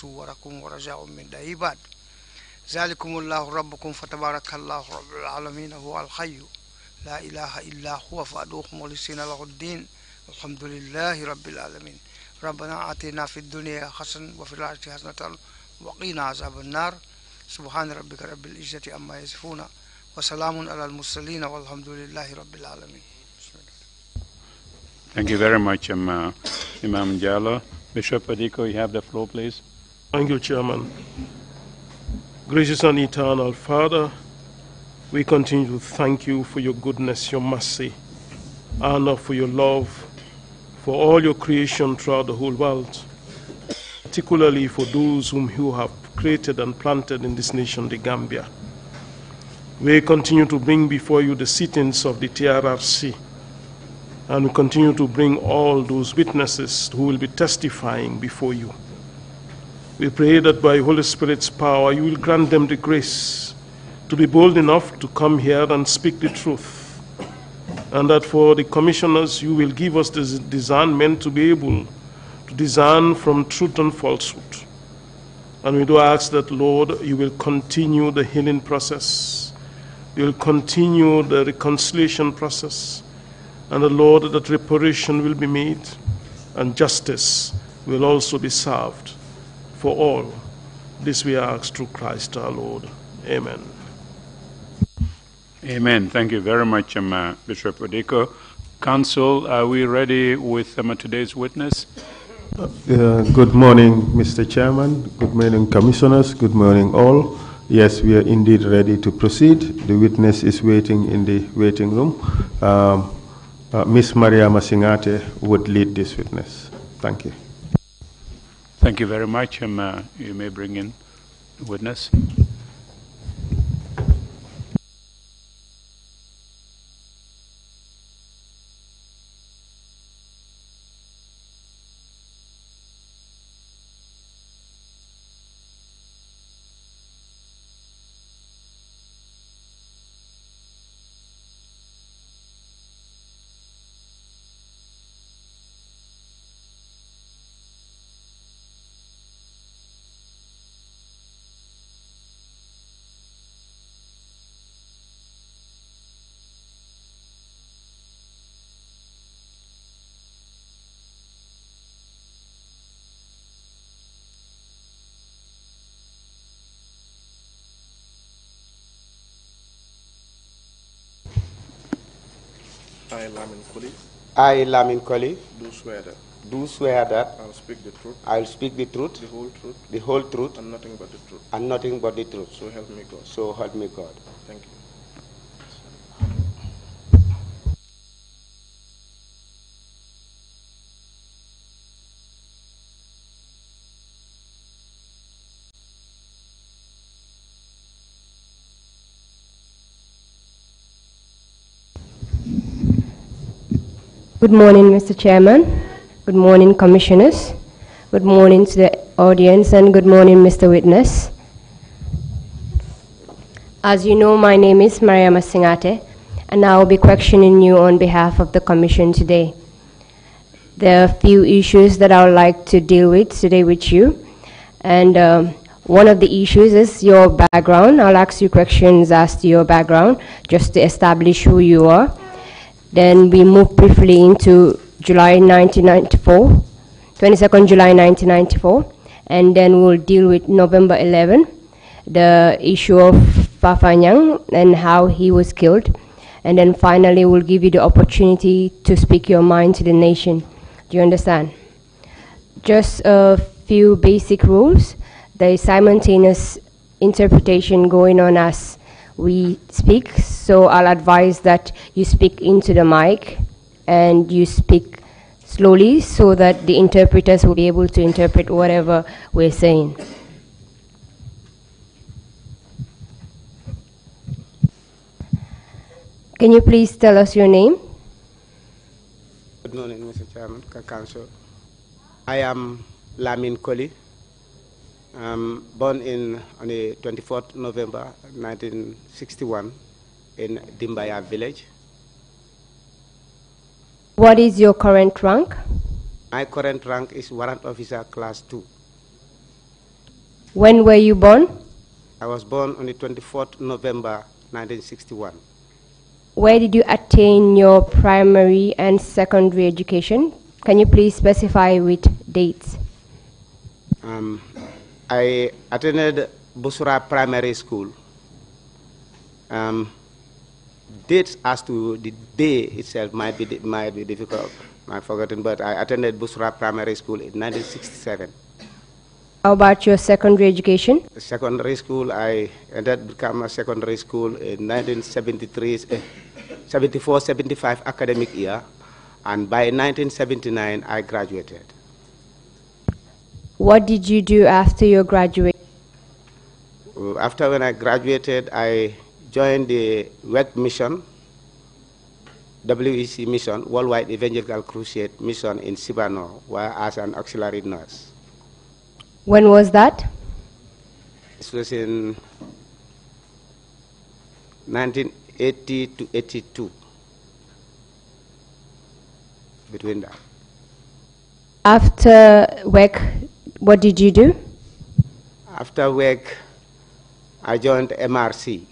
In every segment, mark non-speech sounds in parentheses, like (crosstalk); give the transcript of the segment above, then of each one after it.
صوركم ورجاء من عباد ذلكم الله ربكم فتبارك الله رب العالمين هو الحي لا إله إلا هو فأدوه مولسين له الدين الحمد لله رب العالمين ربنا آتنا في الدنيا حسن وفي الآخرة حسنة وقينا عذاب النار سبحان ربك رب العزة أما يصفون وسلام على المرسلين والحمد لله رب العالمين Thank you very much, um, Imam Jalla. Bishop Adiko, you have the floor, please. Thank you, Chairman. Gracious and eternal Father, we continue to thank you for your goodness, your mercy, and for your love for all your creation throughout the whole world, particularly for those whom you have created and planted in this nation, the Gambia. We continue to bring before you the sittings of the TRRC and we continue to bring all those witnesses who will be testifying before you. We pray that by Holy Spirit's power, you will grant them the grace to be bold enough to come here and speak the truth. And that for the commissioners, you will give us the discernment to be able to discern from truth and falsehood. And we do ask that, Lord, you will continue the healing process. You will continue the reconciliation process. And the Lord, that reparation will be made and justice will also be served for all. This we ask through Christ our Lord. Amen. Amen. Thank you very much, um, uh, Bishop Odiko. Council, are we ready with um, today's witness? Uh, good morning, Mr. Chairman. Good morning, Commissioners. Good morning, all. Yes, we are indeed ready to proceed. The witness is waiting in the waiting room. Um, uh, Ms. Maria Masingate would lead this witness. Thank you. Thank you very much. Um, you may bring in witness. I, Lamin Koli, do swear that do swear that I will speak the truth. I will speak the truth. The whole truth. The whole truth. And nothing but the truth. And nothing but the truth. So help me God. So help me God. Thank you. Good morning, Mr. Chairman. Good morning, Commissioners. Good morning to the audience and good morning, Mr. Witness. As you know, my name is Mariama Singate and I will be questioning you on behalf of the Commission today. There are a few issues that I would like to deal with today with you. And um, one of the issues is your background. I'll ask you questions as to your background just to establish who you are then we moved briefly into July 1994, 22nd July 1994, and then we'll deal with November 11, the issue of Fafanyang and how he was killed. And then finally, we'll give you the opportunity to speak your mind to the nation. Do you understand? Just a few basic rules. There is simultaneous interpretation going on as we speak. So I'll advise that you speak into the mic and you speak slowly so that the interpreters will be able to interpret whatever we're saying. Can you please tell us your name? Good morning, Mr. Chairman, Council. I am Lamin Koli um, born in on the 24th November 1961 in Dimbaya village. What is your current rank? My current rank is warrant officer class 2. When were you born? I was born on the 24th November 1961. Where did you attain your primary and secondary education? Can you please specify with dates? Um, I attended Busura Primary School. Um, dates as to the day itself might be, might be difficult. I've forgotten, but I attended Busra Primary School in 1967. How about your secondary education? Secondary school, I ended become a secondary school in 1973, 74-75 eh, academic year, and by 1979 I graduated. What did you do after your graduation? After when I graduated, I joined the WEC mission, WEC mission, Worldwide Evangelical Crusade mission in Sibano, where as an auxiliary nurse. When was that? This was in 1980 to 82, between that. After WEC, what did you do? After work, I joined MRC,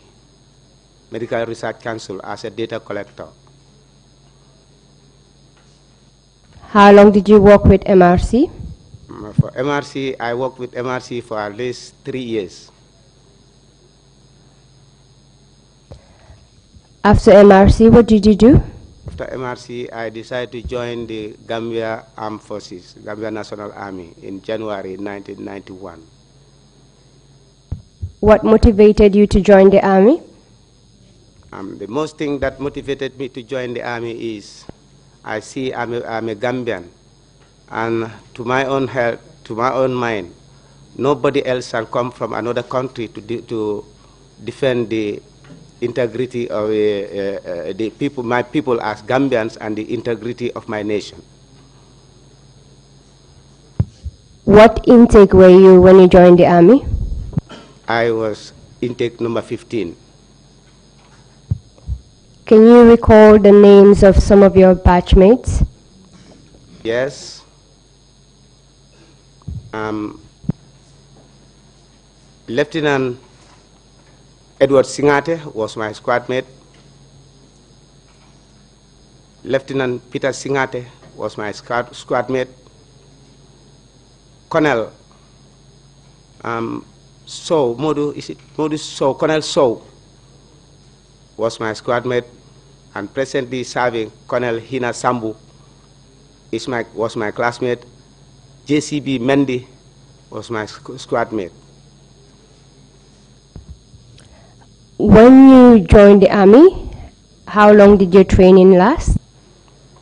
Medical Research Council, as a data collector. How long did you work with MRC? Mm, for MRC, I worked with MRC for at least three years. After MRC, what did you do? after MRC, I decided to join the Gambia Armed Forces, Gambia National Army, in January 1991. What motivated you to join the army? Um, the most thing that motivated me to join the army is I see I'm a, I'm a Gambian, and to my own help, to my own mind, nobody else shall come from another country to, de to defend the integrity of uh, uh, the people, my people as Gambians and the integrity of my nation. What intake were you when you joined the army? I was intake number 15. Can you recall the names of some of your batchmates? Yes. Um, Lieutenant Edward Singate was my squad mate. Lieutenant Peter Singate was my squad, squad mate. Colonel um, So, Modu, is it Modu So, Colonel So was my squad mate and presently serving Colonel Hina Sambu is my, was my classmate. JCB Mendy was my squad mate. When you joined the army, how long did your training last?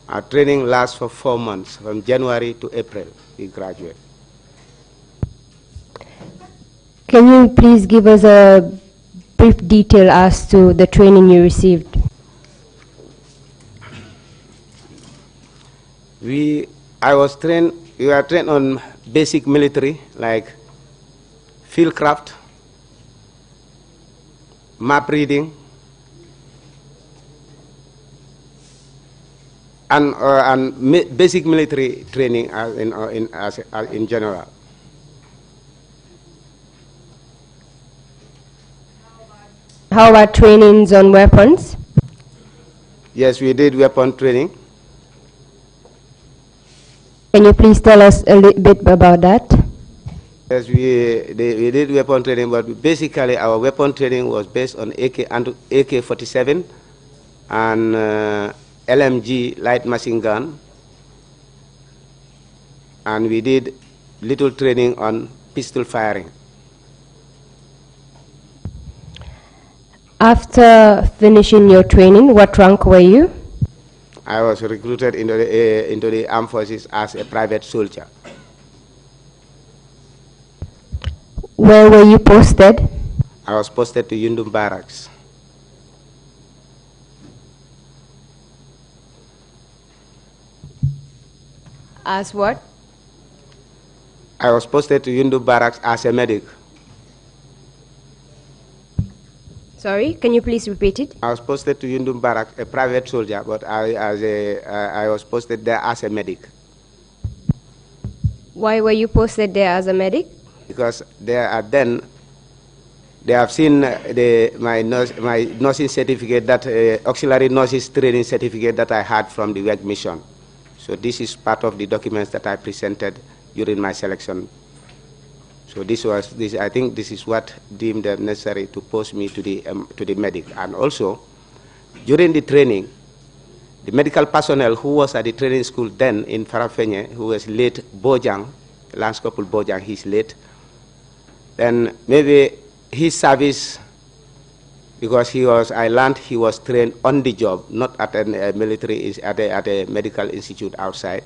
Our training lasts for four months, from January to April, we graduate. Can you please give us a brief detail as to the training you received? We, I was trained, we were trained on basic military, like field craft, map reading, and, uh, and basic military training as in, uh, in, as, as in general. How about trainings on weapons? Yes, we did weapon training. Can you please tell us a little bit about that? As we, they, we did weapon training, but basically our weapon training was based on AK and AK-47 and uh, LMG light machine gun, and we did little training on pistol firing. After finishing your training, what rank were you? I was recruited into the, uh, into the armed forces as a private soldier. Where were you posted? I was posted to Yundum Barracks. As what? I was posted to Yundum Barracks as a medic. Sorry, can you please repeat it? I was posted to Yundum Barracks, a private soldier, but I, as a, uh, I was posted there as a medic. Why were you posted there as a medic? because they are then they have seen uh, the, my, nurse, my nursing certificate, that uh, auxiliary nurses training certificate that I had from the work mission. So this is part of the documents that I presented during my selection. So this was, this, I think this is what deemed necessary to post me to the, um, to the medic. And also, during the training, the medical personnel who was at the training school then in Farafenye, who was late Bojang, Lance Corporal Bojang, he's late, then maybe his service, because he was, I learned he was trained on the job, not at a uh, military, at a, at a medical institute outside.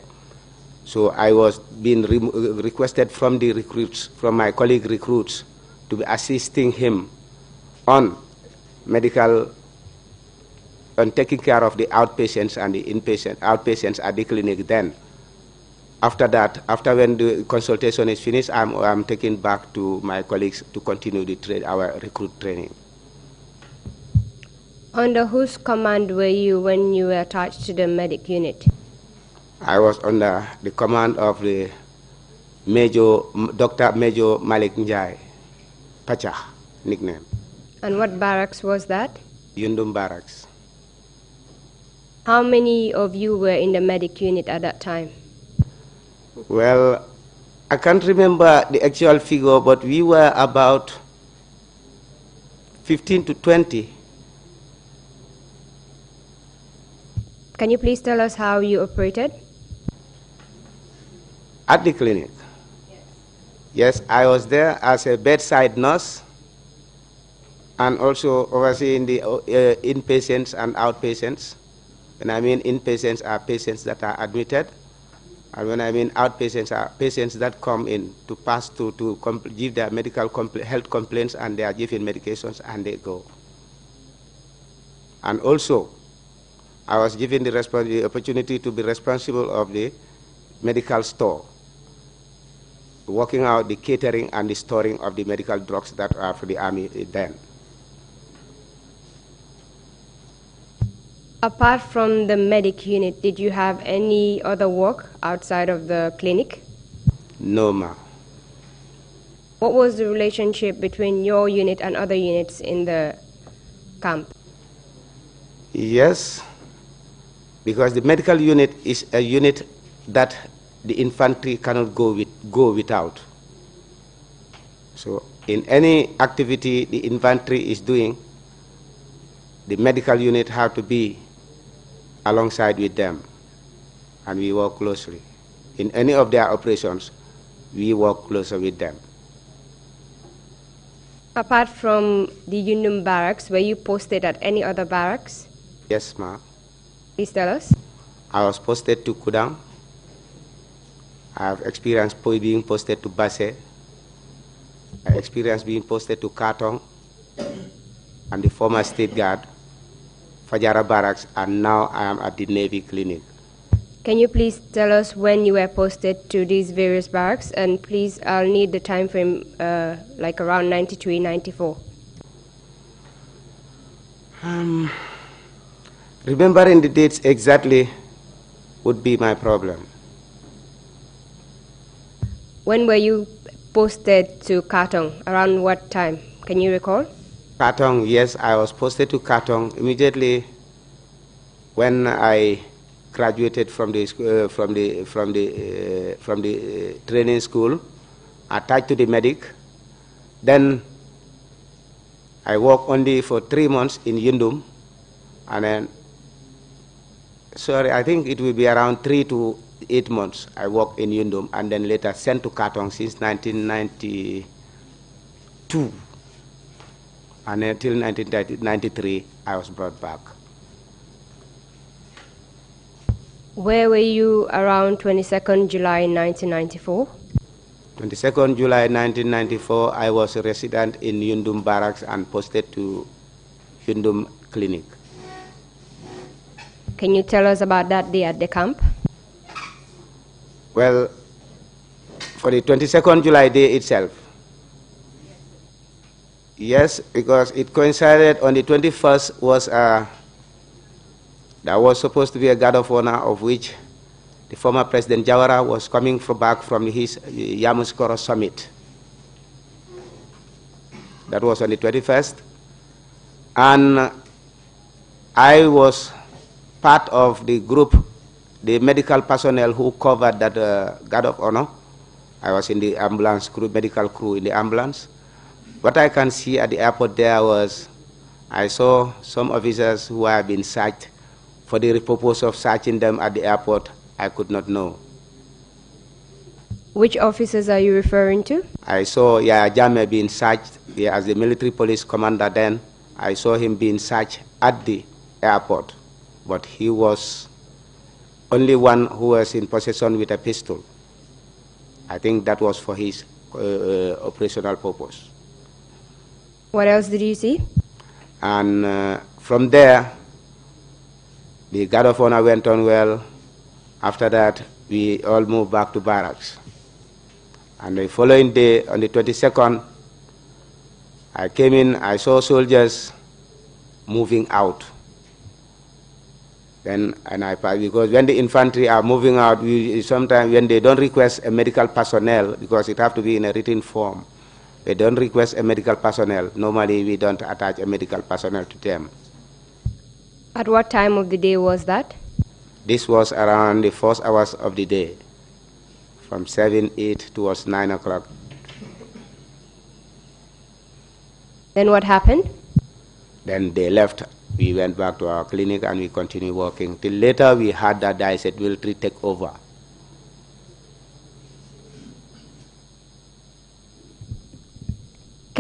So I was being re requested from the recruits, from my colleague recruits, to be assisting him on medical, on taking care of the outpatients and the inpatient, outpatients at the clinic then after that, after when the consultation is finished, I'm, I'm taken back to my colleagues to continue the our recruit training. Under whose command were you when you were attached to the medic unit? I was under the command of the Major, Dr. Major Malik Njai, Pacha, nickname. And what barracks was that? Yundum Barracks. How many of you were in the medic unit at that time? Well, I can't remember the actual figure, but we were about 15 to 20. Can you please tell us how you operated? At the clinic. Yes, I was there as a bedside nurse and also overseeing the uh, inpatients and outpatients. and I mean inpatients are patients that are admitted and when I mean outpatients are uh, patients that come in to pass through to give their medical compl health complaints and they are given medications and they go. And also, I was given the, the opportunity to be responsible of the medical store, working out the catering and the storing of the medical drugs that are for the army then. Apart from the medic unit, did you have any other work outside of the clinic? No, ma. What was the relationship between your unit and other units in the camp? Yes, because the medical unit is a unit that the infantry cannot go, with, go without. So in any activity the infantry is doing, the medical unit have to be alongside with them and we work closely. In any of their operations, we work closer with them. Apart from the Union barracks, were you posted at any other barracks? Yes, ma'am. Please tell us. I was posted to Kudang. I have experienced being posted to Basse. I experienced being posted to Katong and the former state guard Fajara Barracks, and now I am at the Navy Clinic. Can you please tell us when you were posted to these various barracks? And please, I'll need the time frame uh, like around 93, 94. Um, remembering the dates exactly would be my problem. When were you posted to Katong? Around what time? Can you recall? Katong, yes, I was posted to Katong immediately when I graduated from the uh, from the from the uh, from the uh, training school, attached to the medic. Then I worked only for three months in Yundum, and then sorry, I think it will be around three to eight months. I worked in Yundum, and then later sent to Katong since 1992. And until 1993, I was brought back. Where were you around 22nd July 1994? 22nd July 1994, I was a resident in Yundum Barracks and posted to Yundum Clinic. Can you tell us about that day at the camp? Well, for the 22nd July day itself, Yes, because it coincided on the 21st was a, uh, that was supposed to be a guard of honor of which the former President Jawara was coming from back from his Yamoussoukro summit. That was on the 21st. And I was part of the group, the medical personnel who covered that uh, guard of honor. I was in the ambulance crew, medical crew in the ambulance. What I can see at the airport there was I saw some officers who have been searched. For the purpose of searching them at the airport, I could not know. Which officers are you referring to? I saw Yaya Jame being searched yeah, as the military police commander then. I saw him being searched at the airport, but he was only one who was in possession with a pistol. I think that was for his uh, uh operational purpose. What else did you see? And uh, from there, the guard of honor went on well. After that, we all moved back to barracks. And the following day, on the 22nd, I came in, I saw soldiers moving out. Then, and I because when the infantry are moving out, we, sometimes when they don't request a medical personnel, because it have to be in a written form, we don't request a medical personnel. Normally, we don't attach a medical personnel to them. At what time of the day was that? This was around the first hours of the day, from 7, 8 towards 9 o'clock. Then what happened? Then they left. We went back to our clinic and we continued working. Till later, we had that the said, will take over.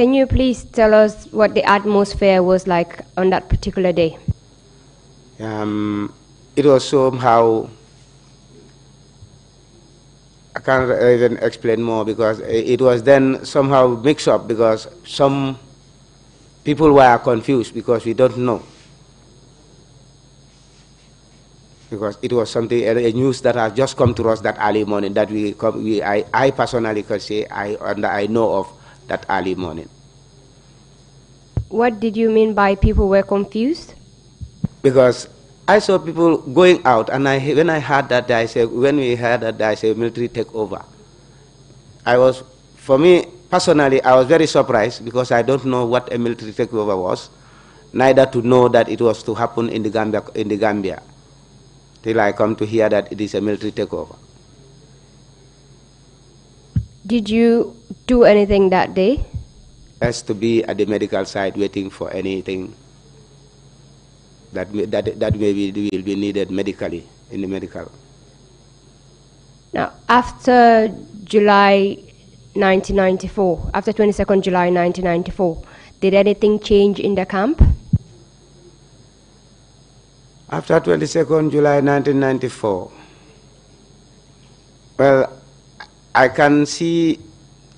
Can you please tell us what the atmosphere was like on that particular day? Um, it was somehow. I can't even explain more because it was then somehow mixed up because some people were confused because we don't know. Because it was something, a news that has just come to us that early morning that we, we I, I personally could say I, and I know of that early morning. What did you mean by people were confused? Because I saw people going out, and I, when I heard that, I said, when we heard that, I said, military takeover. I was, for me personally, I was very surprised because I don't know what a military takeover was, neither to know that it was to happen in the Gambia. In the Gambia till I come to hear that it is a military takeover. Did you do anything that day? As to be at the medical side waiting for anything that may, that that maybe will be needed medically in the medical. Now, after July 1994, after 22nd July 1994, did anything change in the camp? After 22nd July 1994, well, I can see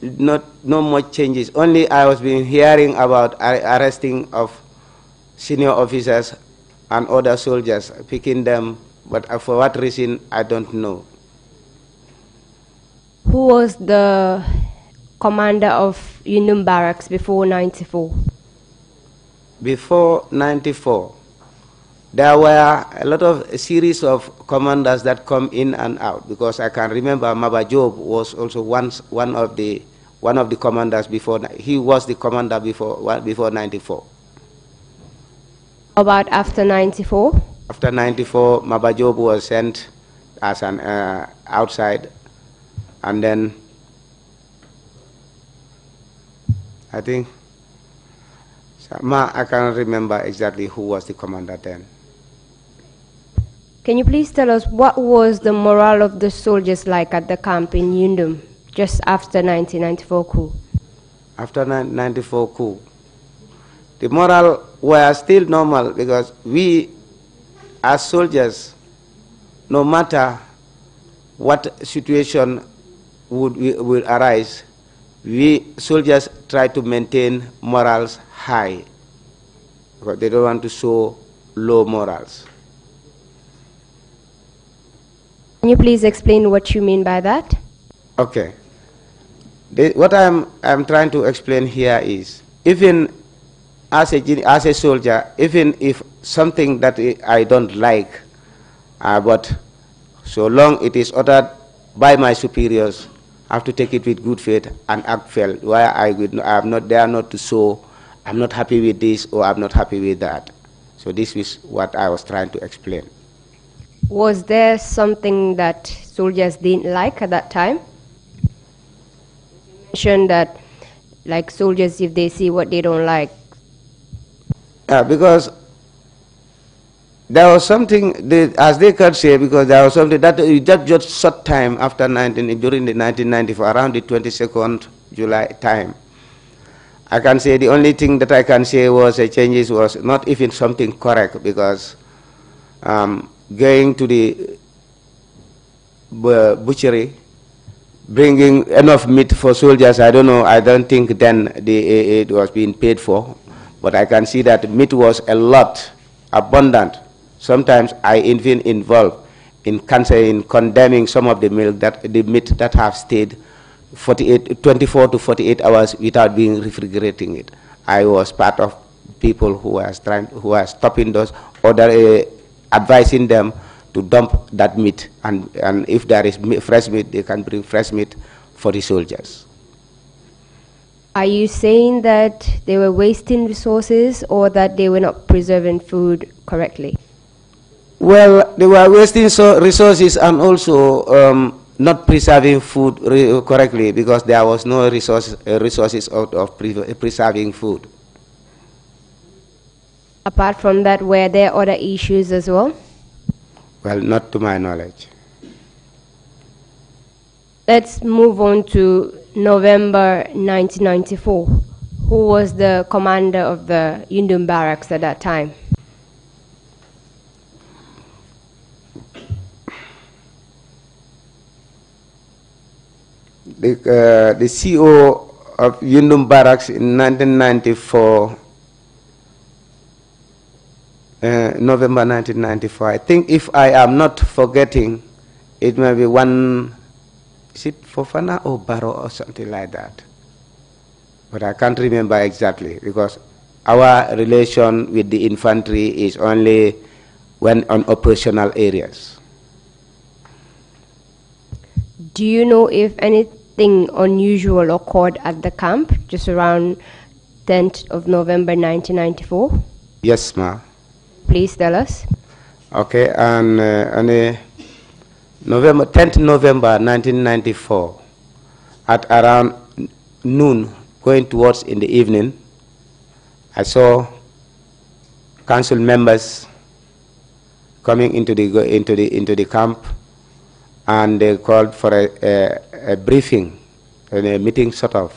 not no much changes. Only I was been hearing about arresting of senior officers and other soldiers, picking them, but uh, for what reason I don't know. Who was the commander of Union Barracks before 94? Before 94, there were a lot of a series of commanders that come in and out because I can remember Maba Job was also once one of the one of the commanders before he was the commander before before 94 about after 94 after 94 Maba Job was sent as an uh, outside and then I think I can't remember exactly who was the commander then can you please tell us what was the morale of the soldiers like at the camp in Yundum just after 1994 coup? After 1994 coup, the morale were still normal because we, as soldiers, no matter what situation would, would arise, we soldiers try to maintain morals high. because they don't want to show low morals. Can you please explain what you mean by that? Okay. The, what I'm, I'm trying to explain here is, even as a, as a soldier, even if something that I don't like, uh, but so long it is ordered by my superiors, I have to take it with good faith and act fair. Why I would, I am not there not to show, I'm not happy with this or I'm not happy with that. So this is what I was trying to explain. Was there something that soldiers didn't like at that time? You mentioned that, like soldiers, if they see what they don't like. Uh, because there was something, they, as they could say, because there was something that, that just short time after 19, during the 1994, around the 22nd July time. I can say the only thing that I can say was a changes was not even something correct because um, going to the uh, butchery, bringing enough meat for soldiers. I don't know. I don't think then the, it was being paid for, but I can see that meat was a lot, abundant. Sometimes I even involved in, in condemning some of the milk that the meat that have stayed 48, 24 to 48 hours without being refrigerating it. I was part of people who was trying who are stopping those other. Uh, advising them to dump that meat. And, and if there is fresh meat, they can bring fresh meat for the soldiers. Are you saying that they were wasting resources or that they were not preserving food correctly? Well, they were wasting so resources and also um, not preserving food correctly because there was no resource, uh, resources out of pre preserving food. Apart from that, were there other issues as well? Well, not to my knowledge. Let's move on to November 1994. Who was the commander of the Yundum barracks at that time? The, uh, the CEO of Yundum barracks in 1994 uh, November 1994. I think if I am not forgetting, it may be one, is it Fofana or Barrow or something like that? But I can't remember exactly because our relation with the infantry is only when on operational areas. Do you know if anything unusual occurred at the camp just around 10th of November 1994? Yes, ma'am. Please tell us. Okay, and uh, on uh, November 10th November 1994, at around noon, going towards in the evening, I saw council members coming into the into the into the camp, and they called for a, a, a briefing and a meeting sort of.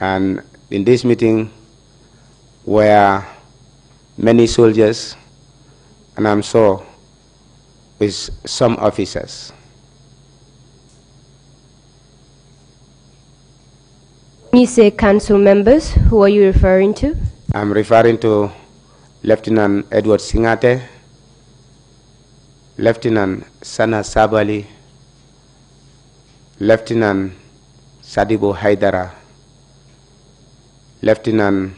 And in this meeting, where many soldiers, and I'm sure with some officers. When you say council members, who are you referring to? I'm referring to Lieutenant Edward Singate, Lieutenant Sana Sabali, Lieutenant Sadibo Haidara, Lieutenant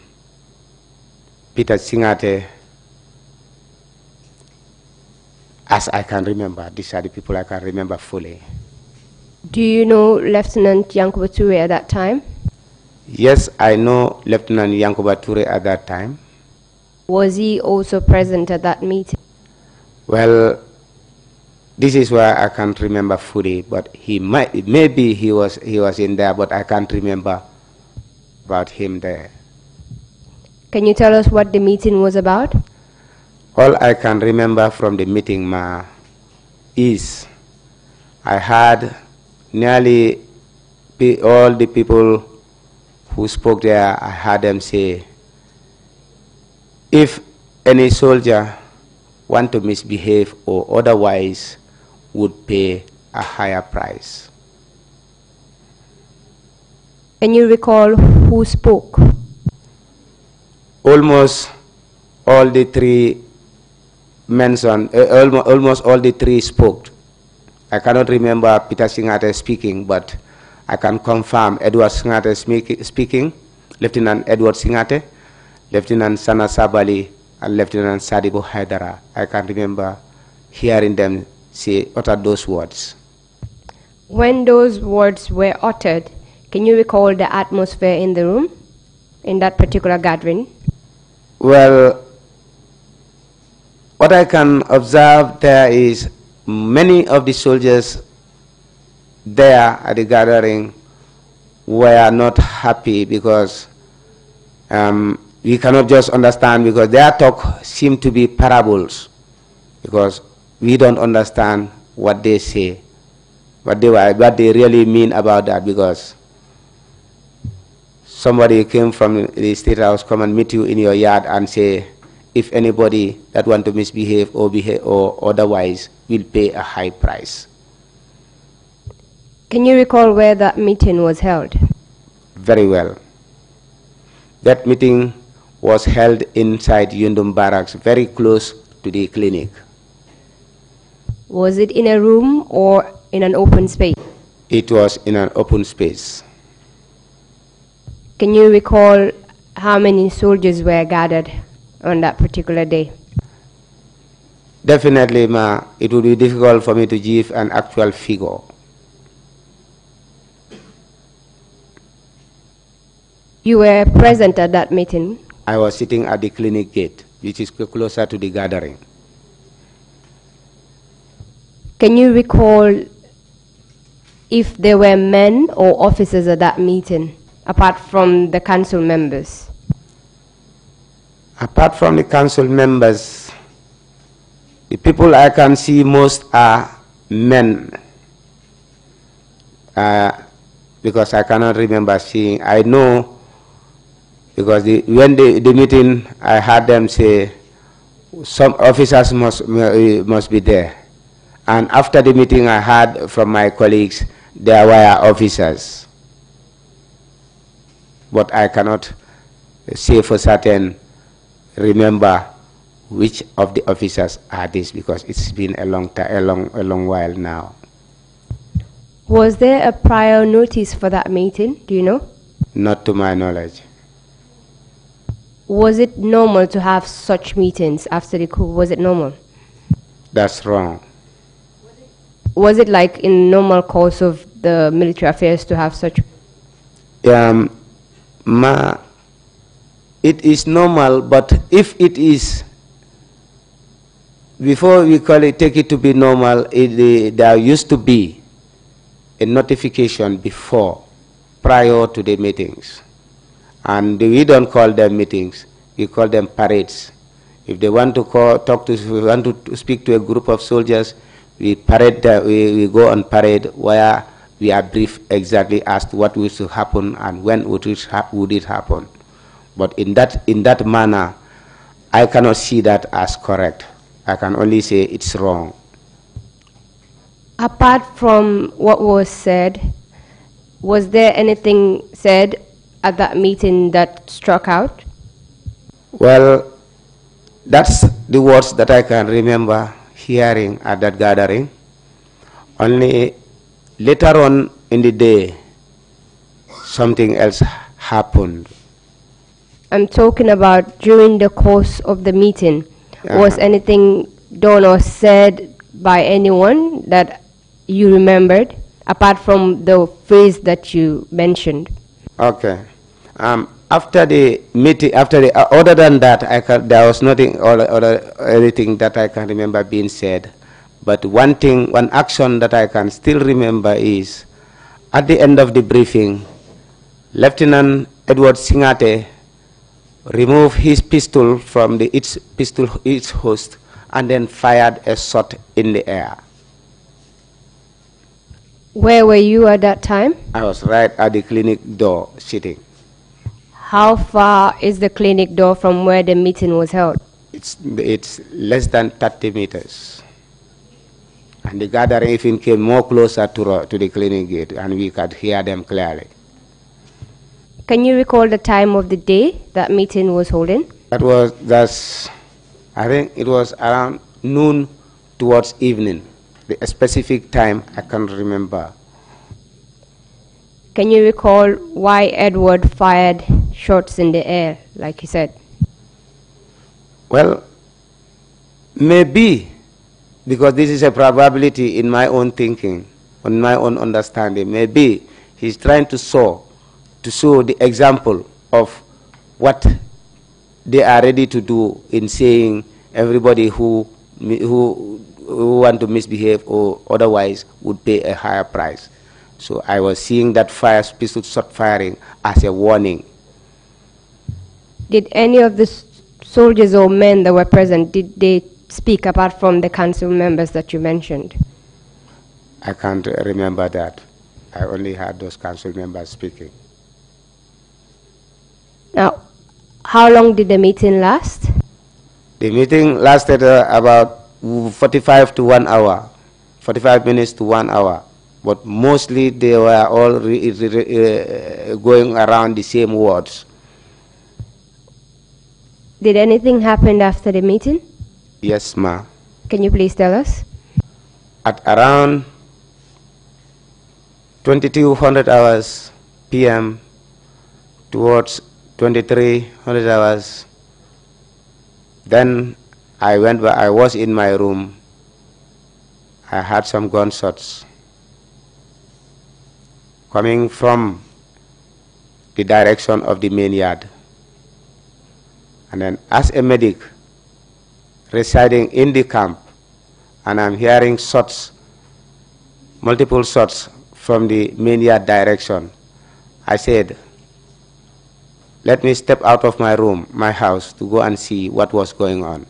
Peter Singate, as I can remember, these are the people I can remember fully. Do you know Lieutenant Yankuba Ture at that time? Yes, I know Lieutenant Yankuba Ture at that time. Was he also present at that meeting? Well, this is why I can't remember fully, but he might maybe he was he was in there, but I can't remember about him there. Can you tell us what the meeting was about? All I can remember from the meeting Ma, is I had nearly all the people who spoke there, I heard them say, if any soldier want to misbehave or otherwise would pay a higher price. Can you recall who spoke? almost all the three mentioned, uh, almost all the three spoke. I cannot remember Peter Singate speaking, but I can confirm Edward Singate speaking, Lieutenant Edward Singate, Lieutenant Sana Sabali, and Lieutenant Sadibu Haidara. I can remember hearing them say, utter those words. When those words were uttered, can you recall the atmosphere in the room, in that particular gathering? Well, what I can observe there is many of the soldiers there at the gathering were not happy because um, we cannot just understand because their talk seemed to be parables because we don't understand what they say, what they, what they really mean about that because somebody came from the state house come and meet you in your yard and say, if anybody that want to misbehave or behave or otherwise will pay a high price. Can you recall where that meeting was held? Very well. That meeting was held inside Yundum Barracks, very close to the clinic. Was it in a room or in an open space? It was in an open space. Can you recall how many soldiers were gathered on that particular day? Definitely, Ma, it would be difficult for me to give an actual figure. You were present at that meeting? I was sitting at the clinic gate, which is closer to the gathering. Can you recall if there were men or officers at that meeting? apart from the council members? Apart from the council members, the people I can see most are men. Uh, because I cannot remember seeing. I know because the, when the, the meeting, I heard them say some officers must, uh, must be there. And after the meeting, I heard from my colleagues there were officers but I cannot say for certain, remember which of the officers are this because it's been a long time, a long, a long while now. Was there a prior notice for that meeting? Do you know? Not to my knowledge. Was it normal to have such meetings after the coup? Was it normal? That's wrong. Was it like in normal course of the military affairs to have such? Um, ma it is normal but if it is before we call it take it to be normal it, uh, there used to be a notification before prior to the meetings and we don't call them meetings we call them parades if they want to call, talk to want to speak to a group of soldiers we parade uh, we, we go on parade where we are briefed exactly as to what would happen and when would it, would it happen. But in that, in that manner, I cannot see that as correct. I can only say it's wrong. Apart from what was said, was there anything said at that meeting that struck out? Well, that's the words that I can remember hearing at that gathering. Only Later on in the day, something else happened. I'm talking about during the course of the meeting. Uh -huh. Was uh-huh. anything done or said by anyone that you remembered, apart from the phrase that you mentioned? Okay. Um, after the meeting, after the, uh, other than that, I can, there was nothing or, or anything that I can remember being said. But one thing, one action that I can still remember is at the end of the briefing, Lieutenant Edward Singate removed his pistol from the, its pistol its host and then fired a shot in the air. Where were you at that time? I was right at the clinic door sitting. How far is the clinic door from where the meeting was held? It's, it's less than 30 meters. And the gathering even came more closer to, to the clinic gate, and we could hear them clearly. Can you recall the time of the day that meeting was holding? That was that's I think it was around noon towards evening. The specific time I can't remember. Can you recall why Edward fired shots in the air, like he said? Well, maybe because this is a probability in my own thinking, on my own understanding. Maybe he's trying to show, to show the example of what they are ready to do in saying everybody who, who, who want to misbehave or otherwise would pay a higher price. So I was seeing that fire, pistol shot firing as a warning. Did any of the soldiers or men that were present, did they speak apart from the council members that you mentioned? I can't remember that. I only had those council members speaking. Now, how long did the meeting last? The meeting lasted uh, about 45 to one hour, 45 minutes to one hour. But mostly they were all re re uh, going around the same words. Did anything happen after the meeting? Yes, ma. Can you please tell us? At around 2200 hours p.m. towards 2300 hours, then I went. I was in my room. I heard some gunshots coming from the direction of the main yard. And then, as a medic, residing in the camp, and I'm hearing shots, multiple shots from the main yard direction. I said, let me step out of my room, my house, to go and see what was going on.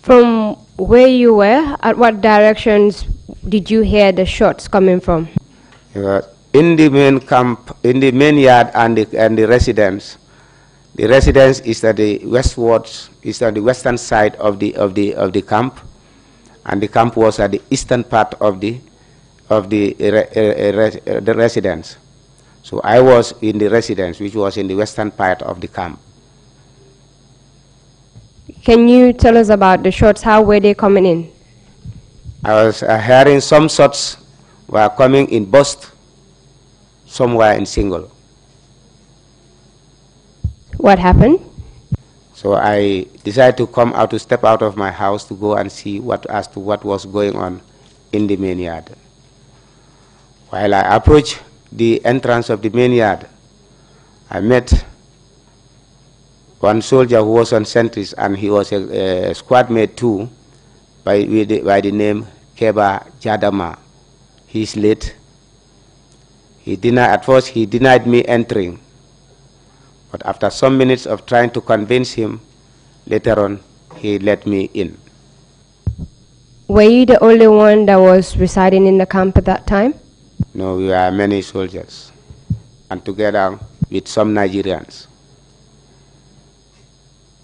From where you were, at what directions did you hear the shots coming from? Uh, in the main camp, in the main yard and the, and the residence, the residence is at the westward, is on the western side of the, of, the, of the camp, and the camp was at the eastern part of the, of the, uh, uh, uh, the residence. So I was in the residence, which was in the western part of the camp. Can you tell us about the shots? How were they coming in? I was uh, hearing some shots were coming in burst, some were in single. What happened? So I decided to come out to step out of my house to go and see what as to what was going on in the main yard. While I approached the entrance of the main yard, I met one soldier who was on sentries and he was a, a squad mate too by, the, by the name Keba Jadama. He's late. He denied, at first he denied me entering. But after some minutes of trying to convince him, later on, he let me in. Were you the only one that was residing in the camp at that time? No, we were many soldiers, and together with some Nigerians.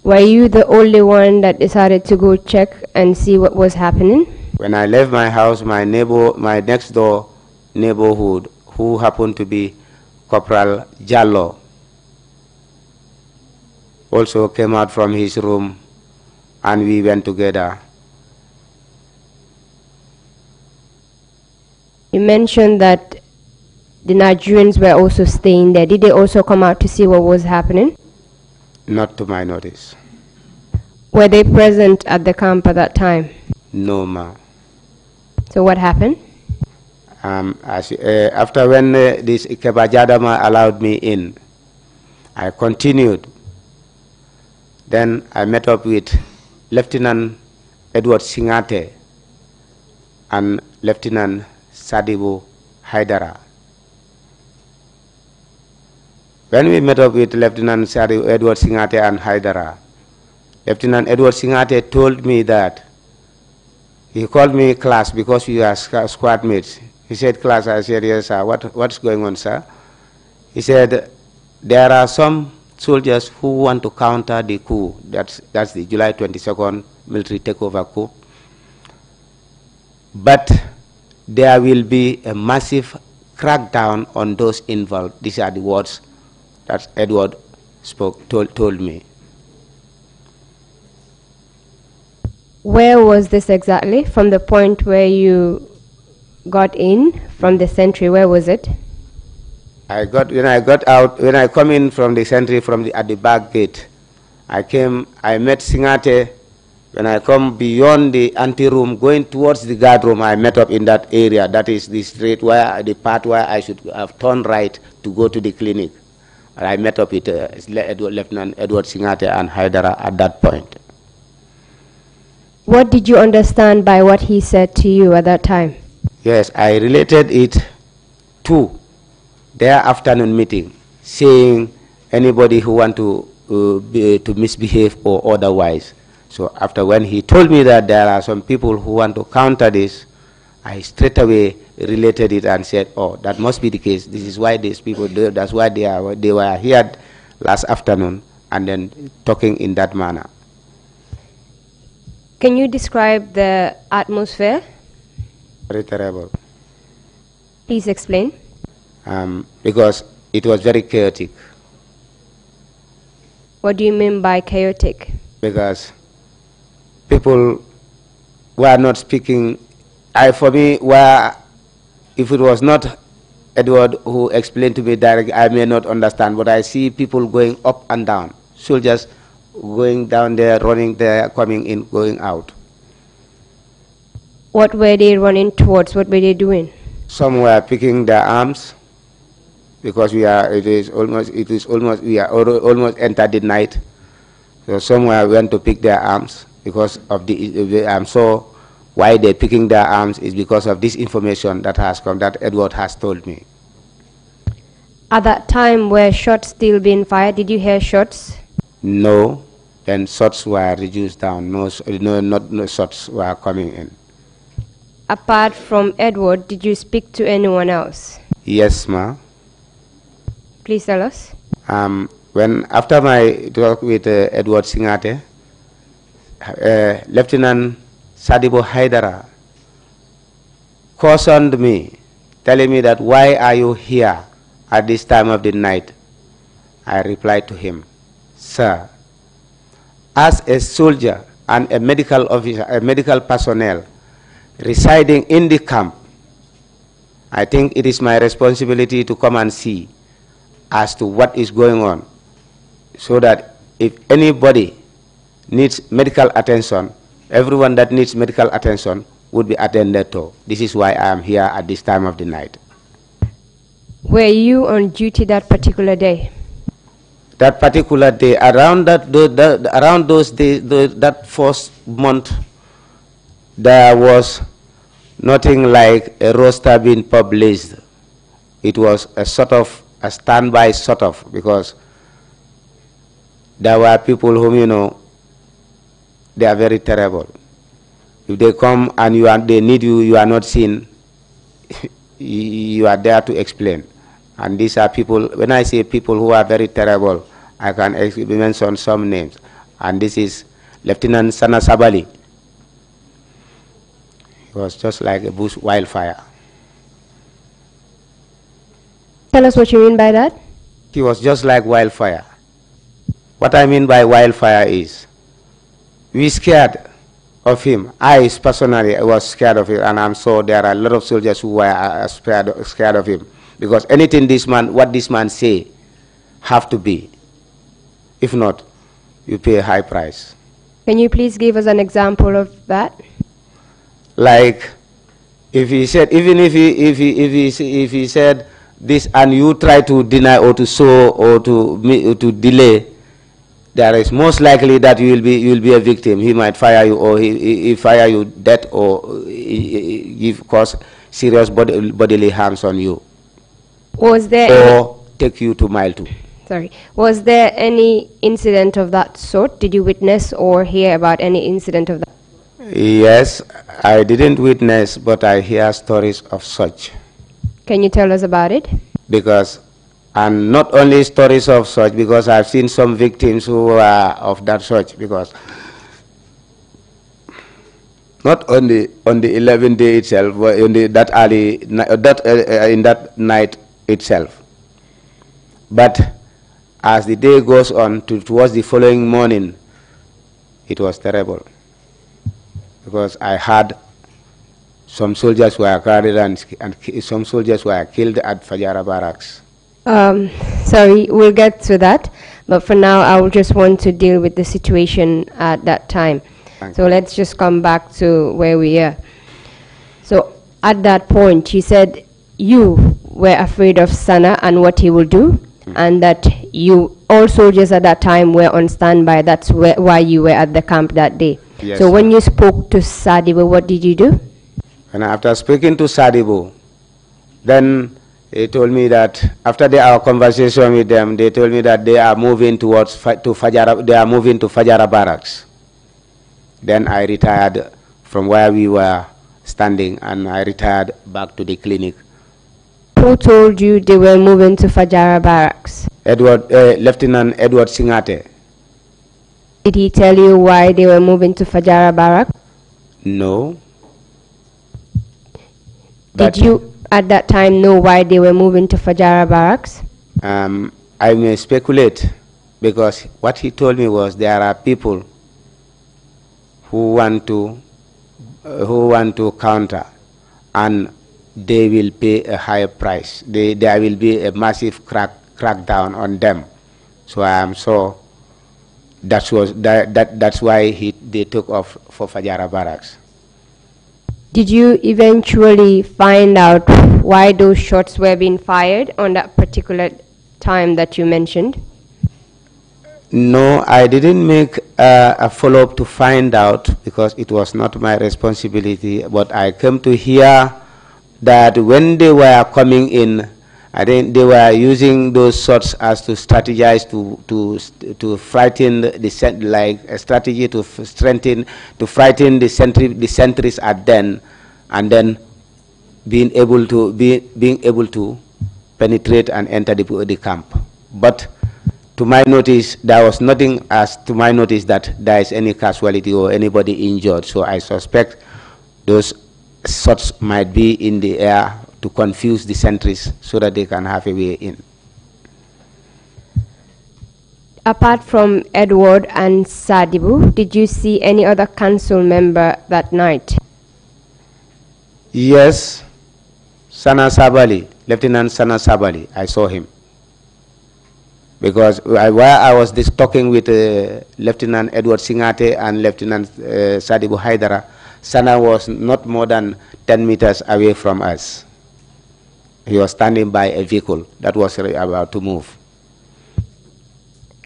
Were you the only one that decided to go check and see what was happening? When I left my house, my neighbor, my next door neighborhood, who happened to be Corporal Jallo, also came out from his room and we went together. You mentioned that the Nigerians were also staying there. Did they also come out to see what was happening? Not to my notice. Were they present at the camp at that time? No, ma. So what happened? Um, as, uh, after when uh, this Kebajadama allowed me in, I continued then I met up with Lieutenant Edward Singate and Lieutenant Sadibu Haidara. When we met up with Lieutenant Sadibu Edward Singate and Haidara, Lieutenant Edward Singate told me that he called me class because we are squad mates. He said, class, I said, yes, sir. What, what's going on, sir? He said, there are some soldiers who want to counter the coup. That's, that's the July 22nd military takeover coup. But there will be a massive crackdown on those involved. These are the words that Edward spoke, told, told me. Where was this exactly? From the point where you got in from the sentry, where was it? I got when I got out when I come in from the sentry from the at the back gate, I came I met Singate. When I come beyond the ante room, going towards the guard room, I met up in that area. That is the street where the part where I should have turned right to go to the clinic. And I met up with uh, Lieutenant Edward Singate and Haidara at that point. What did you understand by what he said to you at that time? Yes, I related it to their afternoon meeting, saying anybody who want to uh, be, to misbehave or otherwise. So after when he told me that there are some people who want to counter this, I straight away related it and said, "Oh, that must be the case. This is why these people. That's why they are they were here last afternoon, and then talking in that manner." Can you describe the atmosphere? Very terrible. Please explain um, because it was very chaotic. What do you mean by chaotic? Because people were not speaking. I, for me, were, if it was not Edward who explained to me directly, I may not understand, but I see people going up and down, soldiers going down there, running there, coming in, going out. What were they running towards? What were they doing? Some were picking their arms because we are it is almost it is almost we are almost entered the night. So somewhere went to pick their arms because of the I'm um, so why they're picking their arms is because of this information that has come that Edward has told me. At that time were shots still being fired? Did you hear shots? No. Then shots were reduced down. No, no, not no shots were coming in. Apart from Edward, did you speak to anyone else? Yes, ma'am. Please tell us. Um, when after my talk with uh, Edward Singate, uh, Lieutenant Sadibo Haidara cautioned me, telling me that why are you here at this time of the night? I replied to him, Sir, as a soldier and a medical officer, a medical personnel residing in the camp, I think it is my responsibility to come and see as to what is going on so that if anybody needs medical attention, everyone that needs medical attention would be attended to. This is why I am here at this time of the night. Were you on duty that particular day? That particular day, around that, the, the, around those days, the, that first month, there was nothing like a roster being published. It was a sort of a standby sort of because there were people whom you know they are very terrible. If they come and you are, they need you, you are not seen, (laughs) you are there to explain. And these are people, when I say people who are very terrible, I can mention some names. And this is Lieutenant Sana Sabali. He was just like a bush wildfire. Tell us what you mean by that. He was just like wildfire. What I mean by wildfire is we scared of him. I personally was scared of him, and I'm sure there are a lot of soldiers who were uh, scared, scared of him. Because anything this man, what this man say, have to be. If not, you pay a high price. Can you please give us an example of that? Like, if he said, even if he, if he, if he, if he said, this and you try to deny or to show or to, to delay, there is most likely that you will be, you will be a victim. He might fire you or he, he fire you death or give cause serious bod bodily harms on you. Was there or take you to mile two. Sorry. Was there any incident of that sort? Did you witness or hear about any incident of that? Yes, I didn't witness, but I hear stories of such. Can you tell us about it? Because, and not only stories of such, because I've seen some victims who are of that such, because not on the on the 11th day itself, but in the, that early uh, that uh, uh, in that night itself. But as the day goes on to, towards the following morning, it was terrible because I had some soldiers were carried and, and some soldiers were killed at Fajara barracks. Um, sorry, we'll get to that. But for now, I will just want to deal with the situation at that time. Thank so you. let's just come back to where we are. So at that point, he said, You were afraid of Sana and what he will do, mm. and that you, all soldiers at that time, were on standby. That's where, why you were at the camp that day. Yes, so when you spoke to Sadiba, what did you do? And after speaking to Sadibu, then they told me that after the, our conversation with them, they told me that they are moving towards to Fajara, they are moving to Fajara Barracks. Then I retired from where we were standing, and I retired back to the clinic. Who told you they were moving to Fajara Barracks? Edward, uh, Lieutenant Edward Singate. Did he tell you why they were moving to Fajara Barracks? No. Did you at that time know why they were moving to Fajara barracks? Um, I may speculate because what he told me was there are people who want to uh, who want to counter and they will pay a higher price. They, there will be a massive crack, crackdown on them. So I am sure that was that, that that's why he they took off for Fajara barracks. Did you eventually find out why those shots were being fired on that particular time that you mentioned? No, I didn't make uh, a follow up to find out because it was not my responsibility. But I came to hear that when they were coming in, I think they were using those sorts as to strategize to to to frighten the like a strategy to strengthen to frighten the sentry the sentries at then, and then being able to be being able to penetrate and enter the, the camp. But to my notice, there was nothing as to my notice that there is any casualty or anybody injured. So I suspect those shots might be in the air to confuse the sentries so that they can have a way in. Apart from Edward and Sadibu, did you see any other council member that night? Yes, Sana Sabali, Lieutenant Sana Sabali, I saw him. Because I, while I was just talking with uh, Lieutenant Edward Singate and Lieutenant uh, Sadibu Haidara, Sana was not more than 10 meters away from us. He was standing by a vehicle that was about to move.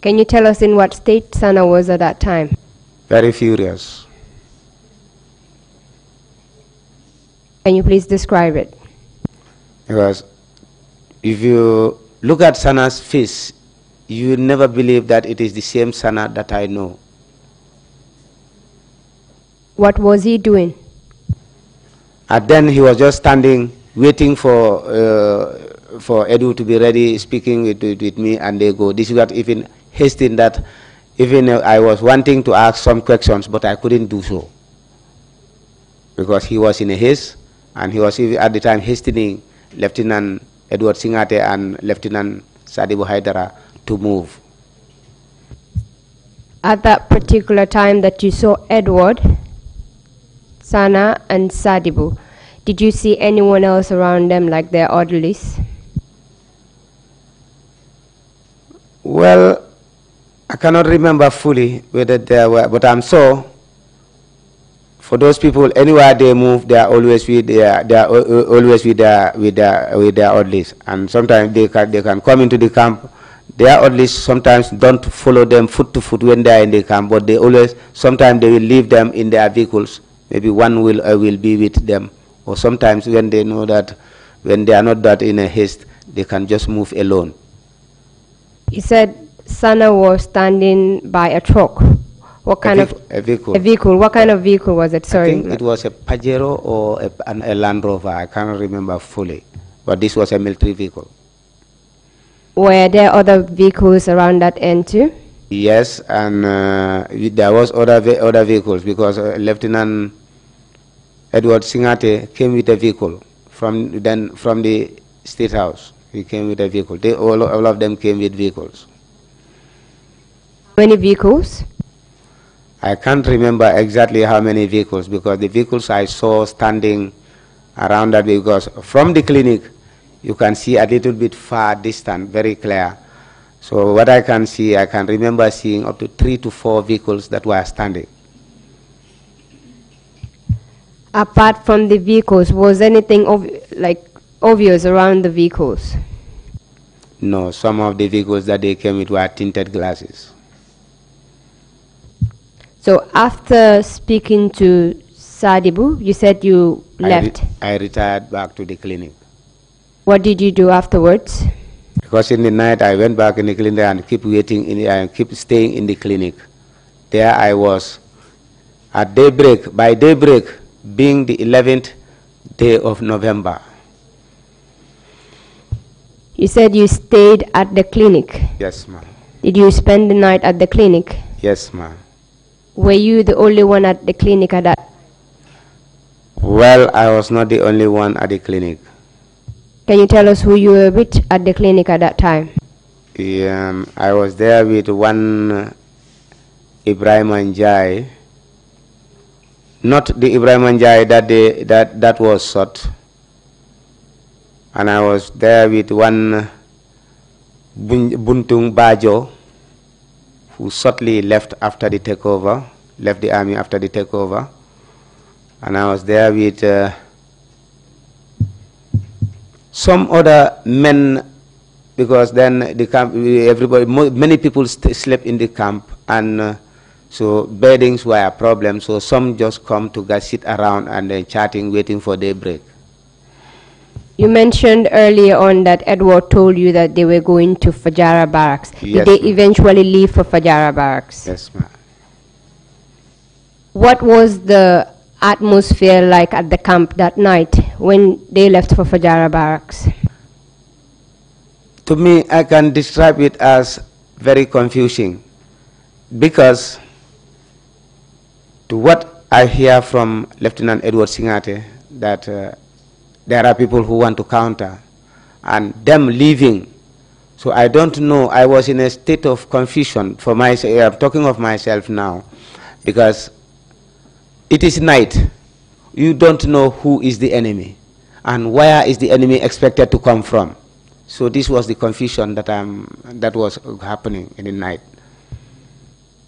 Can you tell us in what state Sana was at that time? Very furious. Can you please describe it? Because if you look at Sana's face, you will never believe that it is the same Sana that I know. What was he doing? And then he was just standing waiting for uh, for Edu to be ready, speaking with, with, with, me, and they go. This is what even hastening that even uh, I was wanting to ask some questions, but I couldn't do so because he was in a haste, and he was even at the time hastening Lieutenant Edward Singate and Lieutenant Sadibu Haidara to move. At that particular time that you saw Edward, Sana, and Sadibu, did you see anyone else around them, like their orderlies? Well, I cannot remember fully whether there were, but I'm sure for those people, anywhere they move, they are always with their, they are always with their, with their, with their orderlies. And sometimes they can, they can come into the camp. Their orderlies sometimes don't follow them foot to foot when they are in the camp, but they always, sometimes they will leave them in their vehicles. Maybe one will, uh, will be with them. Or sometimes when they know that, when they are not that in a haste, they can just move alone. You said Sana was standing by a truck. What kind a of a vehicle? A vehicle. What kind of vehicle was it? Sorry, I think it was a Pajero or a, an, a Land Rover. I can't remember fully, but this was a military vehicle. Were there other vehicles around that end too? Yes, and uh, there was other ve other vehicles because uh, Lieutenant Edward Singate came with a vehicle from then from the State House. He came with a vehicle. They, all, all of them came with vehicles. Many vehicles? I can't remember exactly how many vehicles because the vehicles I saw standing around that because from the clinic you can see a little bit far distant, very clear. So what I can see, I can remember seeing up to three to four vehicles that were standing apart from the vehicles, was anything like obvious around the vehicles? No, some of the vehicles that they came with were tinted glasses. So after speaking to Sadibu, you said you I left. Re I, retired back to the clinic. What did you do afterwards? Because in the night I went back in the clinic and keep waiting in the, uh, and keep staying in the clinic. There I was. At daybreak, by daybreak, being the 11th day of November. You said you stayed at the clinic. Yes, ma'am. Did you spend the night at the clinic? Yes, ma'am. Were you the only one at the clinic at that? Well, I was not the only one at the clinic. Can you tell us who you were with at the clinic at that time? Yeah, um, I was there with one uh, Ibrahim Anjai not the Ibrahim Ibrahimanjai that day that, that was shot. And I was there with one Buntung Bajo who shortly left after the takeover, left the army after the takeover. And I was there with uh, some other men because then the camp, everybody, many people slept in the camp and uh, so beddings were a problem, so some just come to sit around and then chatting, waiting for daybreak. You mentioned earlier on that Edward told you that they were going to Fajara Barracks. Yes, Did they eventually leave for Fajara Barracks? Yes, ma'am. What was the atmosphere like at the camp that night when they left for Fajara Barracks? To me, I can describe it as very confusing because to what I hear from Lieutenant Edward Singate, that uh, there are people who want to counter, and them leaving. So I don't know. I was in a state of confusion for myself. I'm talking of myself now, because it is night. You don't know who is the enemy, and where is the enemy expected to come from. So this was the confusion that, I'm, that was happening in the night.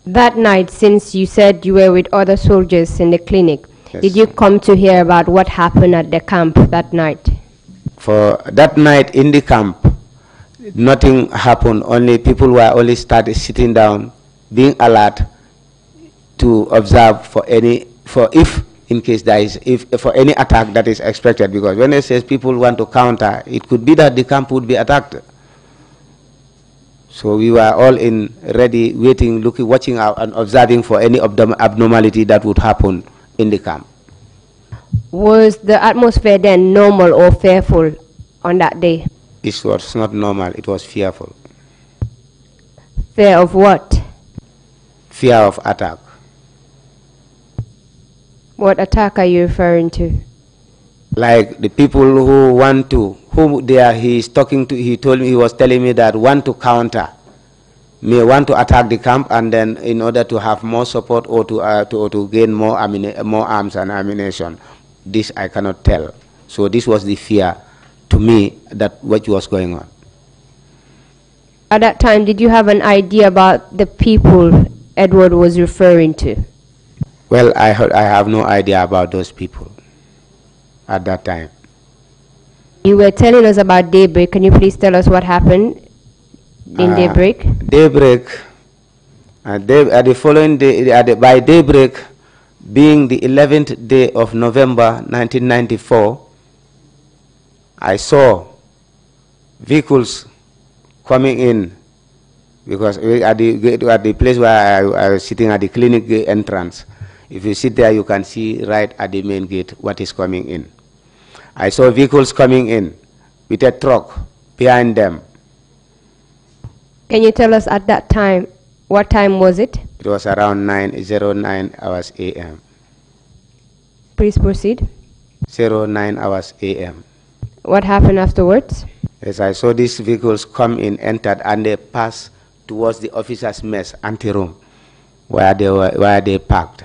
That night, since you said you were with other soldiers in the clinic, yes. did you come to hear about what happened at the camp that night? For that night in the camp, nothing happened. Only people were only started sitting down, being alert to observe for any for if in case there is if for any attack that is expected. Because when it says people want to counter, it could be that the camp would be attacked. So we were all in ready, waiting, looking, watching out and observing for any abnormality that would happen in the camp. Was the atmosphere then normal or fearful on that day? It was not normal, it was fearful. Fear of what? Fear of attack. What attack are you referring to? like the people who want to, whom they are, he is talking to, he told me, he was telling me that want to counter, may want to attack the camp and then in order to have more support or to, uh, to, or to gain more, more arms and ammunition. This I cannot tell. So this was the fear to me that what was going on. At that time, did you have an idea about the people Edward was referring to? Well, I, I have no idea about those people at that time. You were telling us about daybreak. Can you please tell us what happened in uh, daybreak? Daybreak. Uh, day, at the following day, by daybreak, being the 11th day of November 1994, I saw vehicles coming in because at the, at the place where I, I was sitting at the clinic entrance, if you sit there, you can see right at the main gate what is coming in. I saw vehicles coming in with a truck behind them. Can you tell us at that time, what time was it? It was around 9:09 hours a.m. Please proceed. 09 hours a.m. What happened afterwards? Yes, I saw these vehicles come in, entered, and they passed towards the officers' mess anteroom, where they were, where they parked.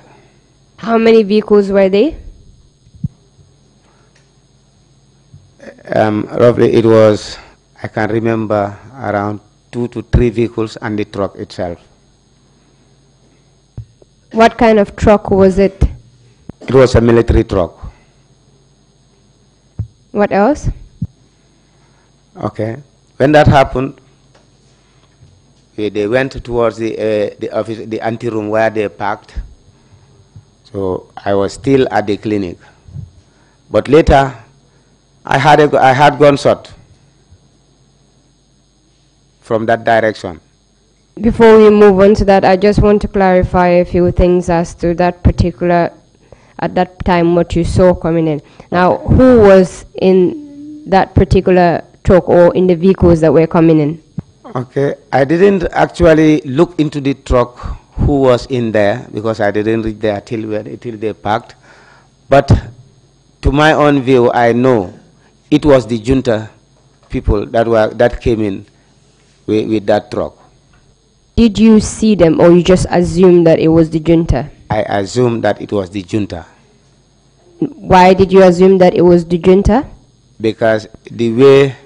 How many vehicles were they? Um, roughly it was, I can remember, around two to three vehicles and the truck itself. What kind of truck was it? It was a military truck. What else? Okay. When that happened, we, eh, they went towards the, uh, the office, the anteroom where they parked. So I was still at the clinic. But later, I had a, I had gunshot from that direction. Before we move on to that, I just want to clarify a few things as to that particular, at that time, what you saw coming in. Now, who was in that particular truck or in the vehicles that were coming in? Okay, I didn't actually look into the truck who was in there because I didn't reach there till, when, till they parked. But to my own view, I know it was the junta people that were that came in with, with that truck. Did you see them, or you just assumed that it was the junta? I assumed that it was the junta. Why did you assume that it was the junta? Because the way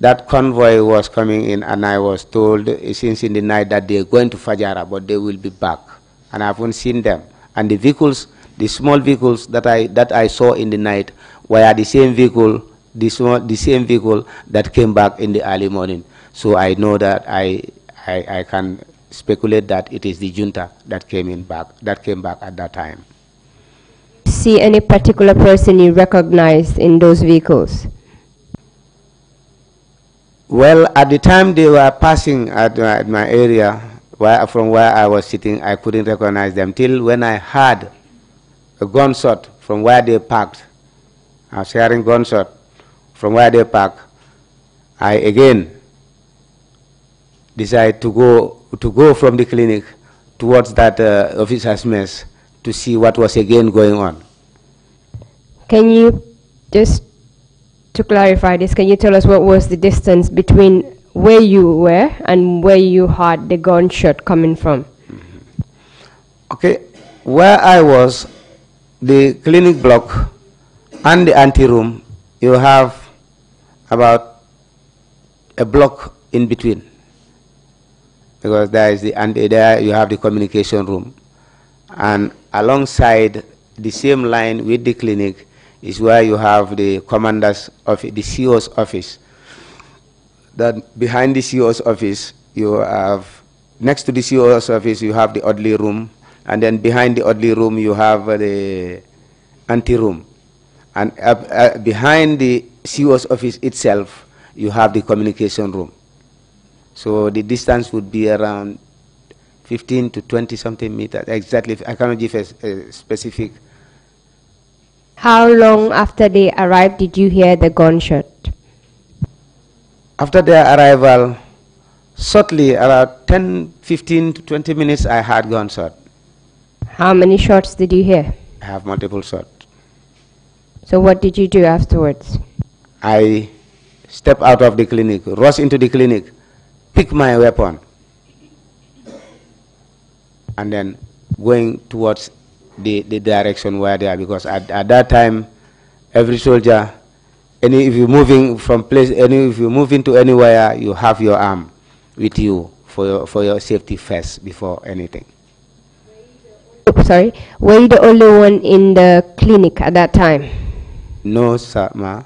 that convoy was coming in, and I was told eh, since in the night that they are going to Fajara, but they will be back, and I haven't seen them. And the vehicles, the small vehicles that I that I saw in the night, were the same vehicle this one, the same vehicle that came back in the early morning. So I know that I, I, I can speculate that it is the junta that came in back, that came back at that time. See any particular person you recognize in those vehicles? Well, at the time they were passing at, at my, area, where, from where I was sitting, I couldn't recognize them till when I heard a gunshot from where they parked, I was hearing gunshot from Wadi Park, I again decided to go, to go from the clinic towards that uh, officer's mess to see what was again going on. Can you just to clarify this, can you tell us what was the distance between where you were and where you heard the gunshot coming from? Mm-hmm. Okay, where I was, the clinic block and the anteroom, you have about a block in between because there is the and there you have the communication room and alongside the same line with the clinic is where you have the commander's office the CO's office that behind the CO's office you have next to the CO's office you have the oddly room and then behind the oddly room you have the anteroom room and uh, uh, behind the CEO's office itself, you have the communication room. So the distance would be around 15 to 20 something meters, exactly. I cannot give a, a specific. How long after they arrived did you hear the gunshot? After their arrival, shortly, around 10, 15 to 20 minutes, I heard gunshot. How many shots did you hear? I have multiple shots. So what did you do afterwards? I step out of the clinic, rush into the clinic, pick my weapon, and then going towards the, the direction where they are. Because at, at that time, every soldier, any if you're moving from place, any if you move into anywhere, you have your arm with you for your, for your safety first before anything. Oops, sorry, were you the only one in the clinic at that time? No, sir, ma'am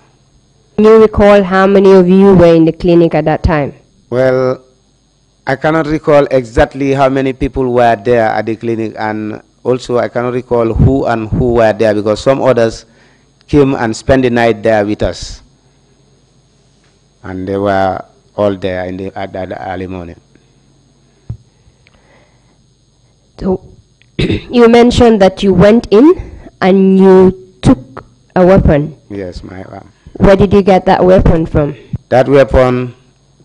you recall how many of you were in the clinic at that time? Well, I cannot recall exactly how many people were there at the clinic, and also I cannot recall who and who were there because some others came and spent the night there with us. And they were all there in the, at, that early morning. So (clears throat) you mentioned that you went in and you took a weapon. Yes, my arm. Um, where did you get that weapon from? That weapon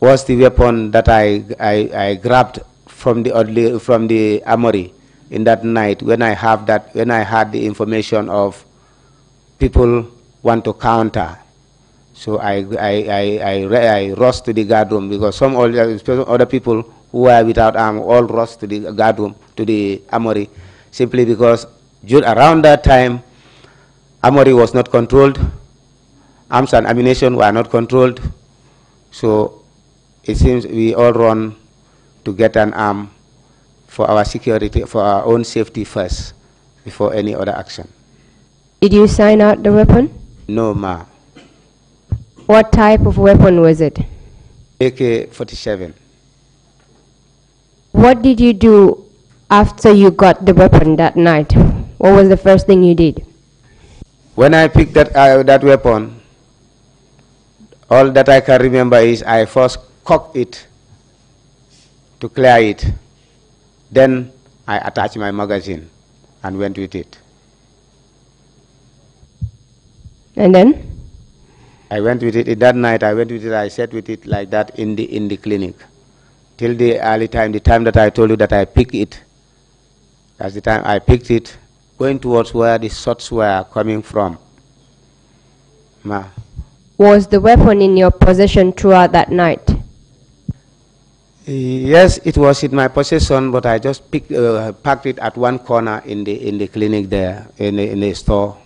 was the weapon that I, I, I grabbed from the, from the armory in that night when I, have that, when I had the information of people want to counter. So I, I, I, I, I rushed to the guard room because some other people who were without arm all rushed to the guard room, to the armory, simply because around that time, armory was not controlled arms and ammunition were not controlled. So it seems we all run to get an arm for our security, for our own safety first, before any other action. Did you sign out the weapon? No, ma. What type of weapon was it? AK-47. What did you do after you got the weapon that night? What was the first thing you did? When I picked that, uh, that weapon, all that I can remember is I first cocked it to clear it. Then I attached my magazine and went with it. And then? I went with it that night. I went with it. I sat with it like that in the in the clinic, till the early time. The time that I told you that I picked it. That's the time I picked it, going towards where the shots were coming from. Ma. Was the weapon in your possession throughout that night? Yes, it was in my possession, but I just picked, uh, packed it at one corner in the in the clinic there, in the, in the store,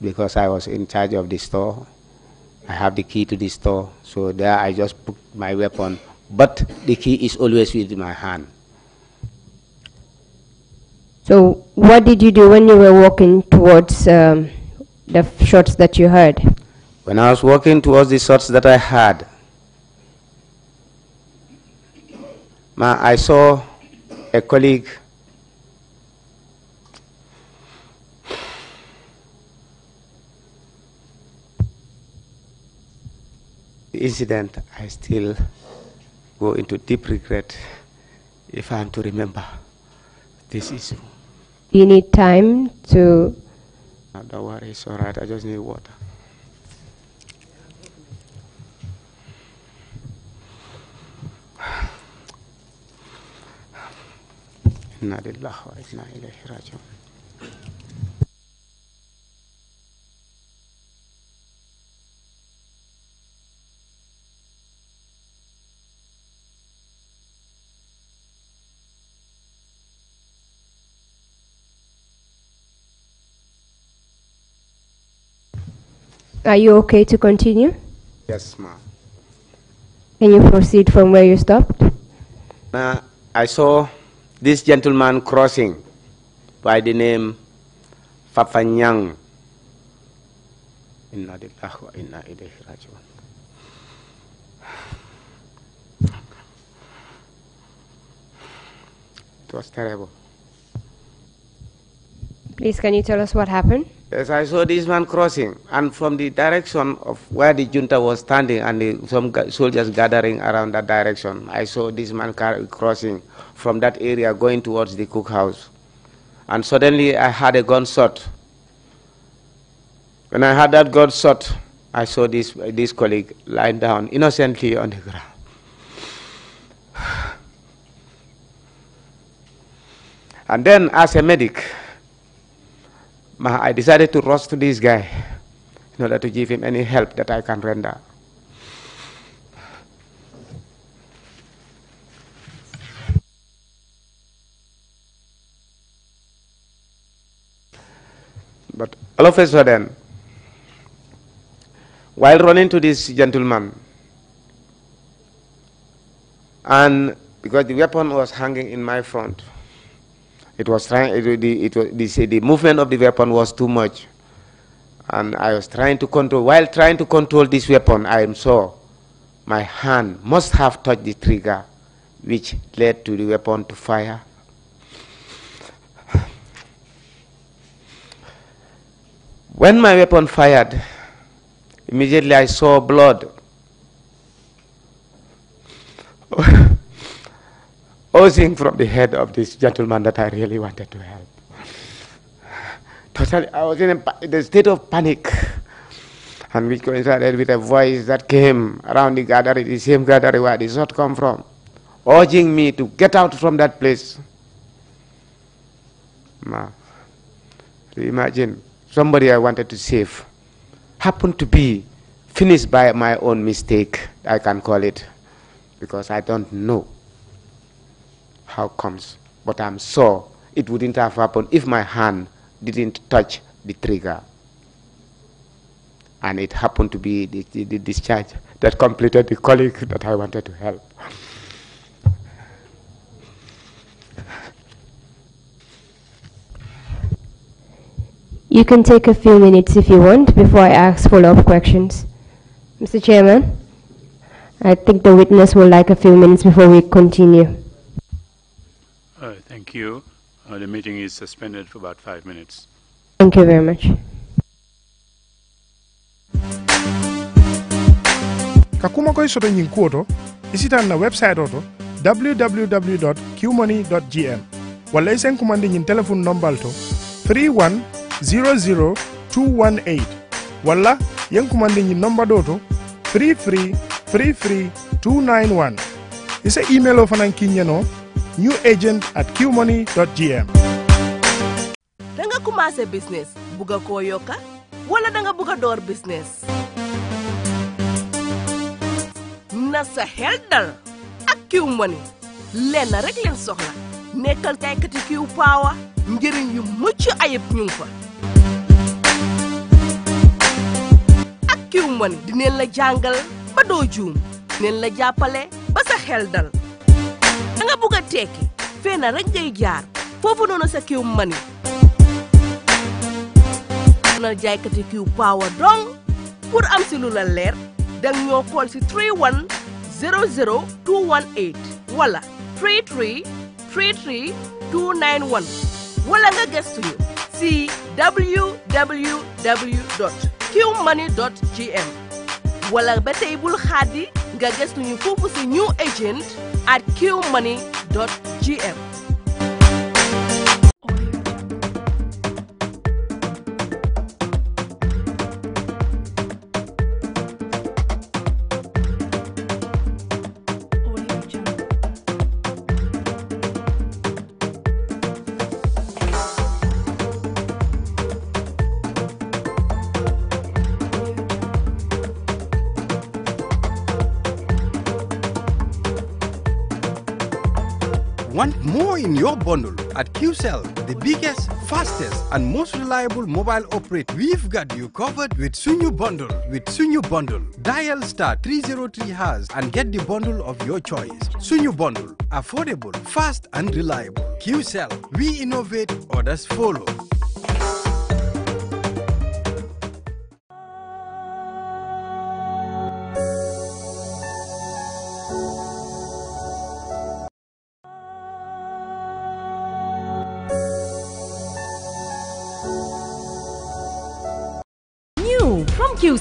because I was in charge of the store. I have the key to the store, so there I just put my weapon. But the key is always with my hand. So, what did you do when you were walking towards um, the shots that you heard? When I was walking towards the shots that I had, my, I saw a colleague the incident I still go into deep regret if I am to remember this issue. You need time to. don't worry, it's all right. I just need water. إنا لله وإنا إليه راجعون Are you okay to continue? Yes, ma'am. Can you proceed from where you stopped? Uh, I saw this gentleman crossing by the name Fafanyang. It was terrible. Please, can you tell us what happened? Yes, I saw this man crossing, and from the direction of where the junta was standing and the, some soldiers gathering around that direction, I saw this man crossing from that area going towards the cookhouse. And suddenly I had a gunshot. When I had that gunshot, I saw this, this colleague lying down innocently on the ground. (sighs) And then, as a medic, I decided to rush to this guy in order to give him any help that I can render. But all of a sudden, while running to this gentleman, and because the weapon was hanging in my front, it was trying, it, it, the, the movement of the weapon was too much. And I was trying to control, while trying to control this weapon, I am sure my hand must have touched the trigger, which led to the weapon to fire. When my weapon fired, immediately I saw blood. (laughs) oozing from the head of this gentleman that I really wanted to help. Totally, I was in a, in a state of panic, and we coincided with a voice that came around the gathering, the same gathering where the shot come from, urging me to get out from that place. Now, imagine somebody I wanted to save happened to be finished by my own mistake, I can call it, because I don't know how comes? But I'm sure it wouldn't have happened if my hand didn't touch the trigger. And it happened to be the, the, the discharge that completed the colleague that I wanted to help. You can take a few minutes if you want before I ask follow-up questions. Mr. Chairman, I think the witness will like a few minutes before we continue. you. Uh, the meeting is suspended for about five minutes. Thank you very much. Kakuma koi soto ñing kuoto, to isitan na website oto www.qmoney.gm wala qmoney gm walla isen kumandi ñin téléphone nombal to 3100218 wala 218 yen kumandi ñin number do to 33 33 ise email ofanan kinye no new agent at qmoney.gm. da yokka wala da nga door business. na sa xel dal ak qmoney lenn rek leen soxla nekkal jaaykati qiw paawa njëriñ yu mucc ayib ñu fa. ak qmoney dinañ la jàngal ba doo juum dinañ la jàppale ba sa xel dal. da nga bugg a tekki fee na rek ngay jaar foofu noonu sa kiw mani na jaaykati kiw paawa dong pour am si lu la leer dang ñoo call si 31 00 218 wala 33 33 291 wala nga gëstuñu si www kiwmoney ba tey bul xaadi nga gëstu ñu foofu si new agent at qmoney.gm bundle at QCell, the biggest, fastest, and most reliable mobile operator. We've got you covered with Sunyu Bundle. With Sunyu Bundle, dial star 303 has and get the bundle of your choice. Sunyu Bundle, affordable, fast, and reliable. QCell, we innovate, others follow.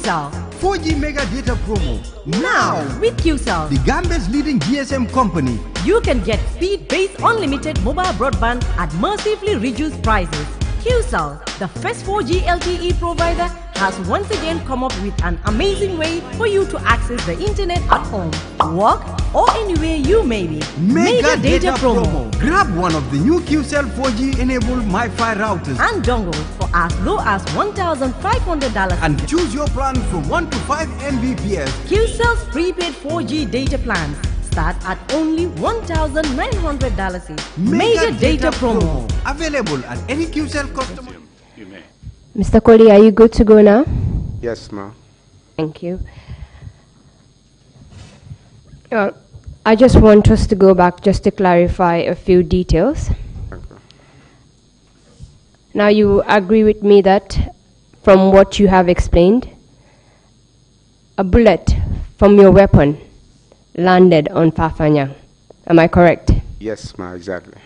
QCell. 4G mega data promo. Now! With QCell, the Gambia's leading GSM company. You can get speed based unlimited mobile broadband at massively reduced prices. QCell, the first 4G LTE provider, has once again come up with an amazing way for you to access the internet at home, work, or anywhere you may be. Mega, Mega data, data promo. promo. Grab one of the new QCell 4G enabled MiFi routers and dongles for as low as $1,500 and choose your plan from 1 to 5 Mbps. QCell's prepaid 4G data plans start at only $1,900. Mega, Mega data, data promo. Available at any QCell customer. Mr. Koli, are you good to go now? Yes, ma'am. Thank you. Uh, I just want us to go back just to clarify a few details. Now you agree with me that from what you have explained, a bullet from your weapon landed on Fafanya. Am I correct? Yes, ma, exactly.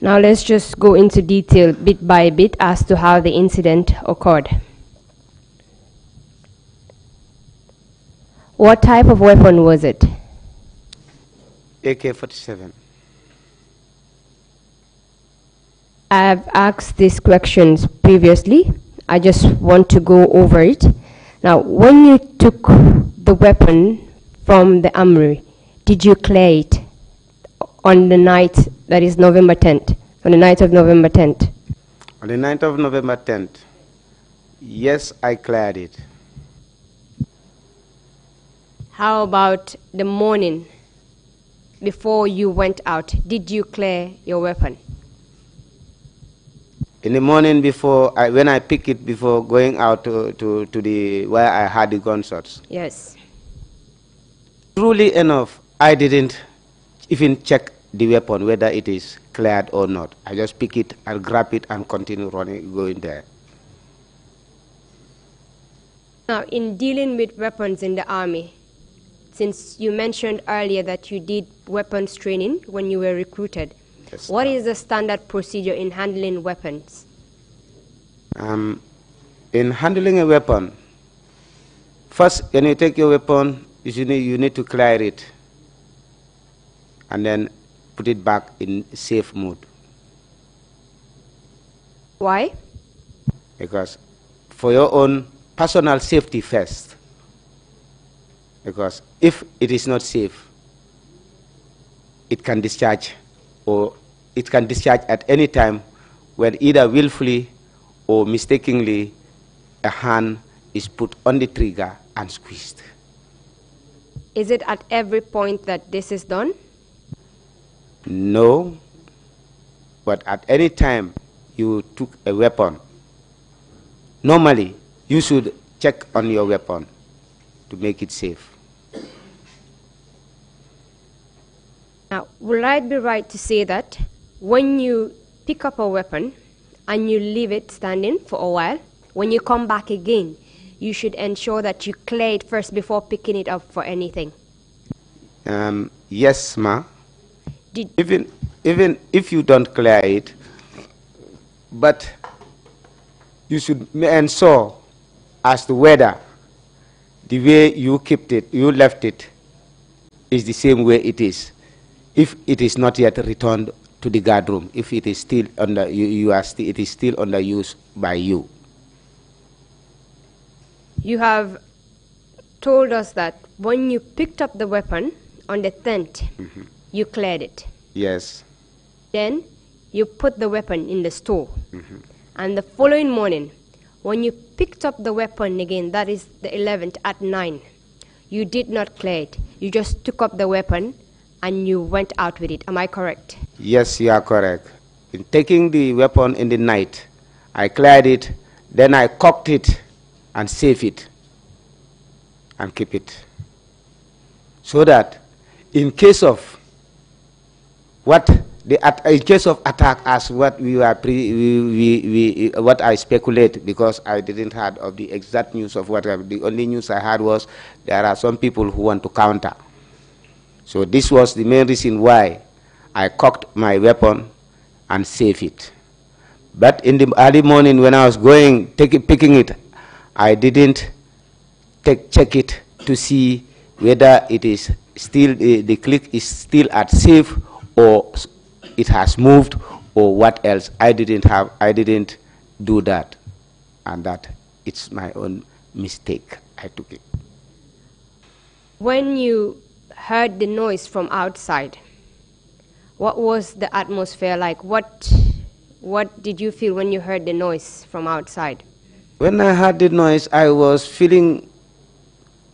Now let's just go into detail bit by bit as to how the incident occurred. What type of weapon was it? AK-47. I've asked these questions previously. I just want to go over it. Now, when you took the weapon from the armory, did you clear it on the night that is November 10th? On the night of November 10th? On the night of November 10th, yes, I cleared it. How about the morning before you went out? Did you clear your weapon? In the morning before, I, when I pick it before going out to, to, to the where I had the gunshots. Yes. Truly enough, I didn't even check the weapon whether it is cleared or not. I just pick it and grab it and continue running, going there. Now, in dealing with weapons in the army, since you mentioned earlier that you did weapons training when you were recruited. Yes, what uh, is the standard procedure in handling weapons? Um, in handling a weapon, first, when you take your weapon, you need, you need to clear it and then put it back in safe mode. Why? Because for your own personal safety first. Because if it is not safe, it can discharge or it can discharge at any time when either willfully or mistakenly a hand is put on the trigger and squeezed. Is it at every point that this is done? No, but at any time you took a weapon, normally you should check on your weapon to make it safe. Now, would I be right to say that when you pick up a weapon and you leave it standing for a while, when you come back again, you should ensure that you clear it first before picking it up for anything? Um, yes, ma. Did even even if you don't clear it, but you should ensure as to whether the way you kept it, you left it, is the same way it is if it is not yet returned to the guard room, if it is still under you, you are it is still under use by you. You have told us that when you picked up the weapon on the 10th, mm-hmm. you cleared it. Yes. Then you put the weapon in the store. Mm-hmm. And the following morning, when you picked up the weapon again, that is the 11th at 9, you did not clear it. You just took up the weapon and you went out with it. Am I correct? Yes, you are correct. In taking the weapon in the night, I cleared it, then I cocked it and saved it and keep it. So that in case of what the in case of attack as what we were pre, we, we, we, what I speculate because I didn't heard of the exact news of what the only news I had was there are some people who want to counter. So this was the main reason why I cocked my weapon and saved it. But in the early morning when I was going, it, picking it, I didn't take, check it to see whether it is still, the, the click is still at safe or it has moved or what else. I didn't have, I didn't do that. And that it's my own mistake. I took it. When you heard the noise from outside, what was the atmosphere like? What, what did you feel when you heard the noise from outside? When I heard the noise, I was feeling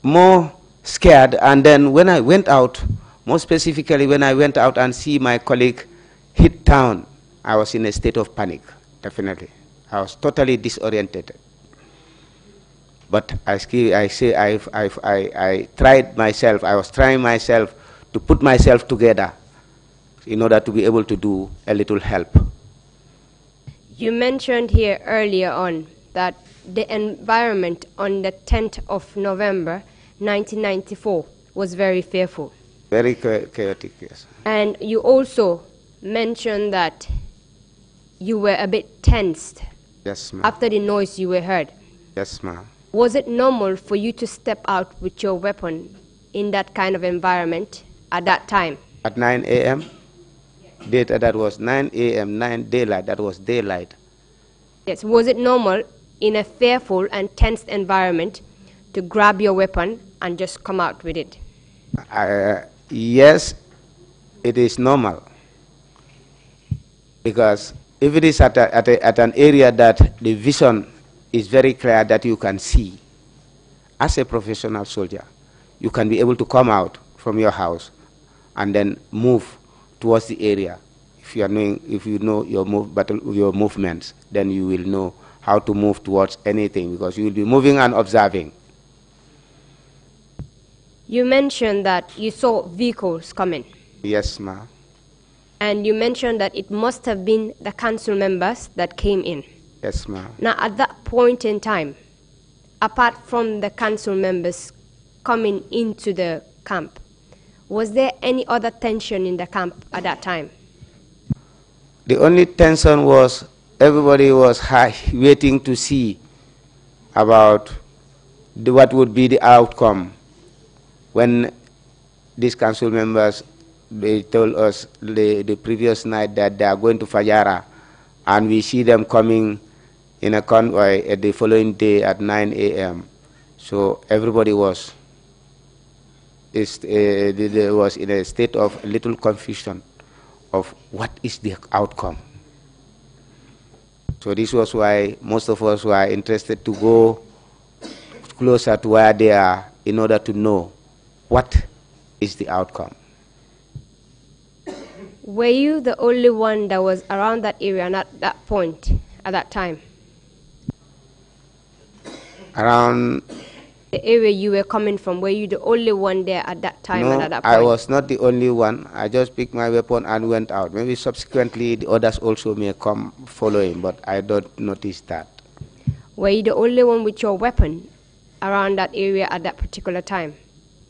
more scared. And then when I went out, more specifically, when I went out and see my colleague hit town, I was in a state of panic, definitely. I was totally disoriented. But I, I say I've, I've, I, I tried myself, I was trying myself to put myself together in order to be able to do a little help. You mentioned here earlier on that the environment on the 10th of November 1994 was very fearful. Very chaotic, yes. And you also mentioned that you were a bit tensed. Yes, ma'am. After the noise you were heard. Yes, ma'am. Was it normal for you to step out with your weapon in that kind of environment at that time? At 9 a.m. Data that was 9 a.m. 9 daylight. That was daylight. Yes. Was it normal in a fearful and tense environment to grab your weapon and just come out with it? Uh, yes, it is normal because if it is at, a, at, a, at an area that the vision it's very clear that you can see. As a professional soldier, you can be able to come out from your house and then move towards the area. If you, are knowing, if you know your, move, battle, your movements, then you will know how to move towards anything because you will be moving and observing. You mentioned that you saw vehicles coming. Yes, ma'am. And you mentioned that it must have been the council members that came in. Yes, ma'am. Now, at that point in time, apart from the council members coming into the camp, was there any other tension in the camp at that time? The only tension was everybody was high, waiting to see about the, what would be the outcome when these council members they told us the, the previous night that they are going to Fajara and we see them coming in a convoy at the following day at 9 a.m. So everybody was is, uh, was in a state of little confusion of what is the outcome. So this was why most of us were interested to go closer to where they are in order to know what is the outcome. Were you the only one that was around that area at that point, at that time? Around the area you were coming from, were you the only one there at that time no, at that point? I was not the only one. I just picked my weapon and went out. Maybe subsequently the others also may come following, but I don't notice that. Were you the only one with your weapon around that area at that particular time?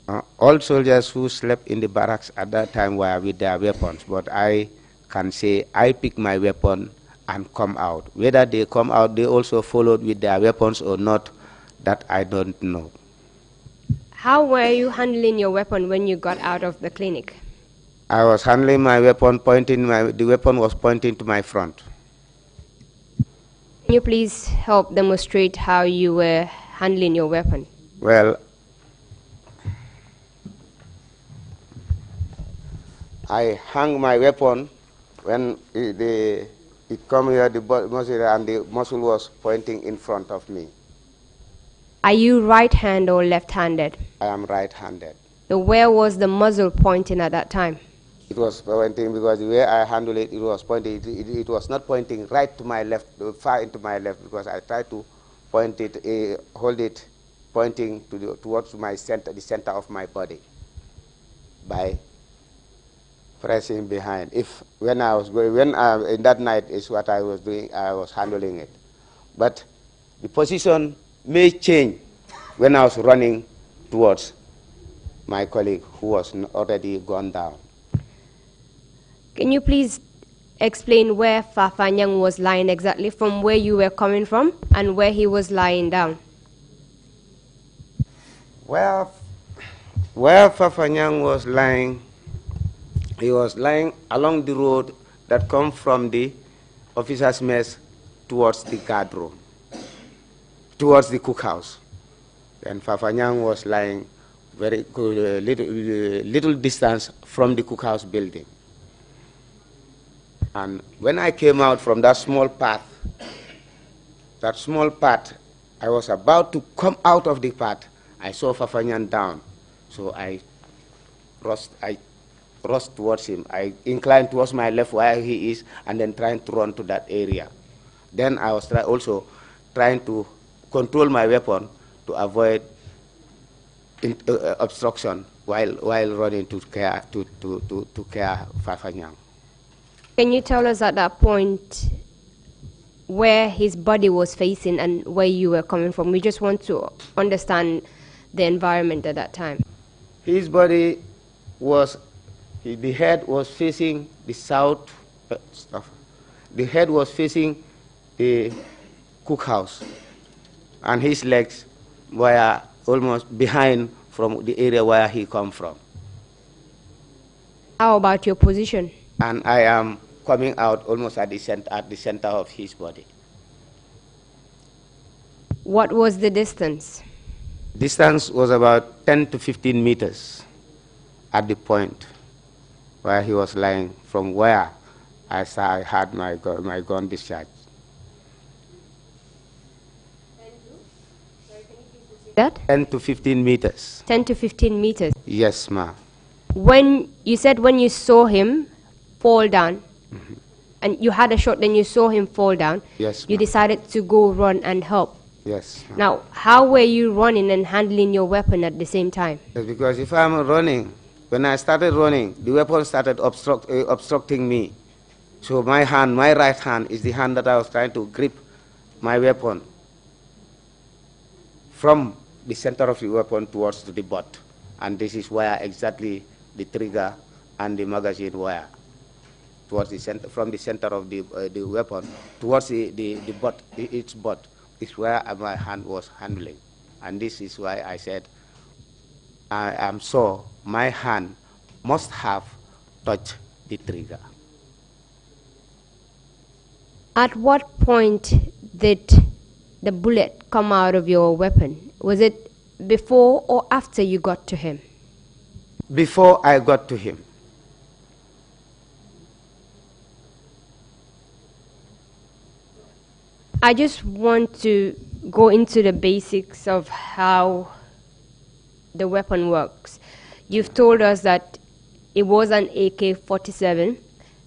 Uh, all soldiers who slept in the barracks at that time were with their weapons, but I can say I picked my weapon and come out. Whether they come out, they also followed with their weapons or not, that I don't know. How were you handling your weapon when you got out of the clinic? I was handling my weapon, pointing my, the weapon was pointing to my front. Can you please help demonstrate how you were handling your weapon? Well, I hung my weapon when it, the, it come here, the muscle, and the muscle was pointing in front of me. Are you right hand or left handed? I am right handed. where was the muzzle pointing at that time? It was pointing because the way I handled it, it was pointing. It, it, it was not pointing right to my left, uh, far into my left, because I tried to point it, uh, hold it, pointing to the, towards my center, the center of my body, by pressing behind. If when I was going, when I, uh, in that night is what I was doing, I was handling it. But the position may change when I was running towards my colleague who was already gone down. Can you please explain where Fafanyang was lying exactly from where you were coming from and where he was lying down? Well, where Fafanyang was lying, he was lying along the road that comes from the officer's mess towards the guard room towards the cookhouse. And Fafanyang was lying very uh, little, uh, little distance from the cookhouse building. And when I came out from that small path, that small path, I was about to come out of the path. I saw Fafanyan down. So I rushed, I rushed towards him. I inclined towards my left where he is and then trying to run to that area. Then I was try also trying to control my weapon to avoid in, uh, obstruction while, while running to care to, to, to, to Fafanyang. Can you tell us at that point where his body was facing and where you were coming from? We just want to understand the environment at that time. His body was, the head was facing the south, uh, the head was facing the cookhouse and his legs were almost behind from the area where he come from. How about your position? And I am coming out almost at the, at the center of his body. What was the distance? Distance was about 10 to 15 meters at the point where he was lying, from where I, saw I had my gun, my gun discharged. that? 10 to 15 meters. 10 to 15 meters? Yes, ma'am. When you said when you saw him fall down, mm -hmm. and you had a shot, then you saw him fall down. Yes. You decided to go run and help. Yes. Now, how were you running and handling your weapon at the same time? Because if I'm running, when I started running, the weapon started obstruct, uh, obstructing me. So my hand, my right hand, is the hand that I was trying to grip my weapon. From the center of the weapon towards the butt. And this is where exactly the trigger and the magazine were, towards the center, from the center of the, uh, the weapon towards the, the, the butt, its butt is where my hand was handling. And this is why I said, I am sure my hand must have touched the trigger. At what point did the bullet come out of your weapon? Was it before or after you got to him? Before I got to him. I just want to go into the basics of how the weapon works. You've told us that it was an AK 47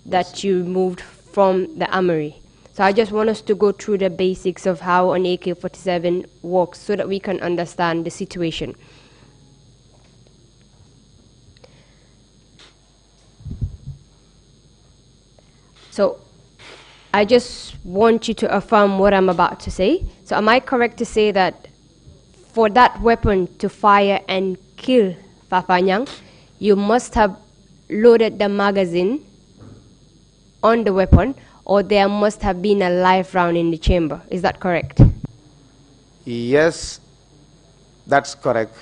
that you moved from the armory. So I just want us to go through the basics of how an AK-47 works so that we can understand the situation. So I just want you to affirm what I'm about to say. So am I correct to say that for that weapon to fire and kill Fafanyang, you must have loaded the magazine on the weapon or there must have been a live round in the chamber. Is that correct? Yes, that's correct.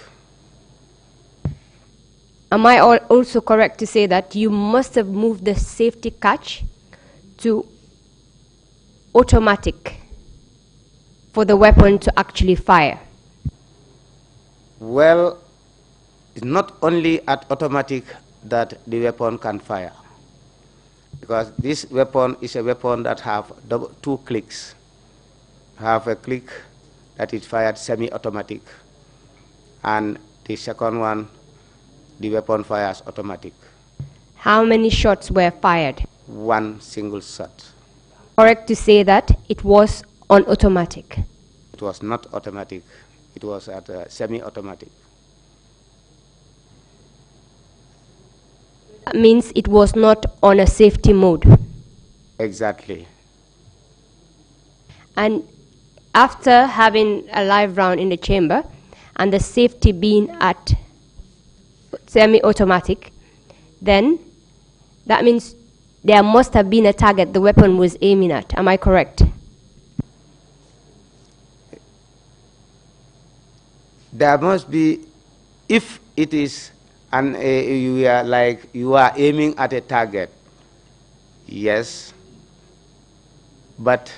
Am I also correct to say that you must have moved the safety catch to automatic for the weapon to actually fire? Well, it's not only at automatic that the weapon can fire because this weapon is a weapon that have double, two clicks. Have a click that is fired semi-automatic, and the second one, the weapon fires automatic. How many shots were fired? One single shot. Correct to say that it was on automatic. It was not automatic. It was at uh, semi-automatic. means it was not on a safety mode. Exactly. And after having a live round in the chamber and the safety being at semi automatic, then that means there must have been a target the weapon was aiming at. Am I correct? There must be, if it is and uh, you are like you are aiming at a target yes but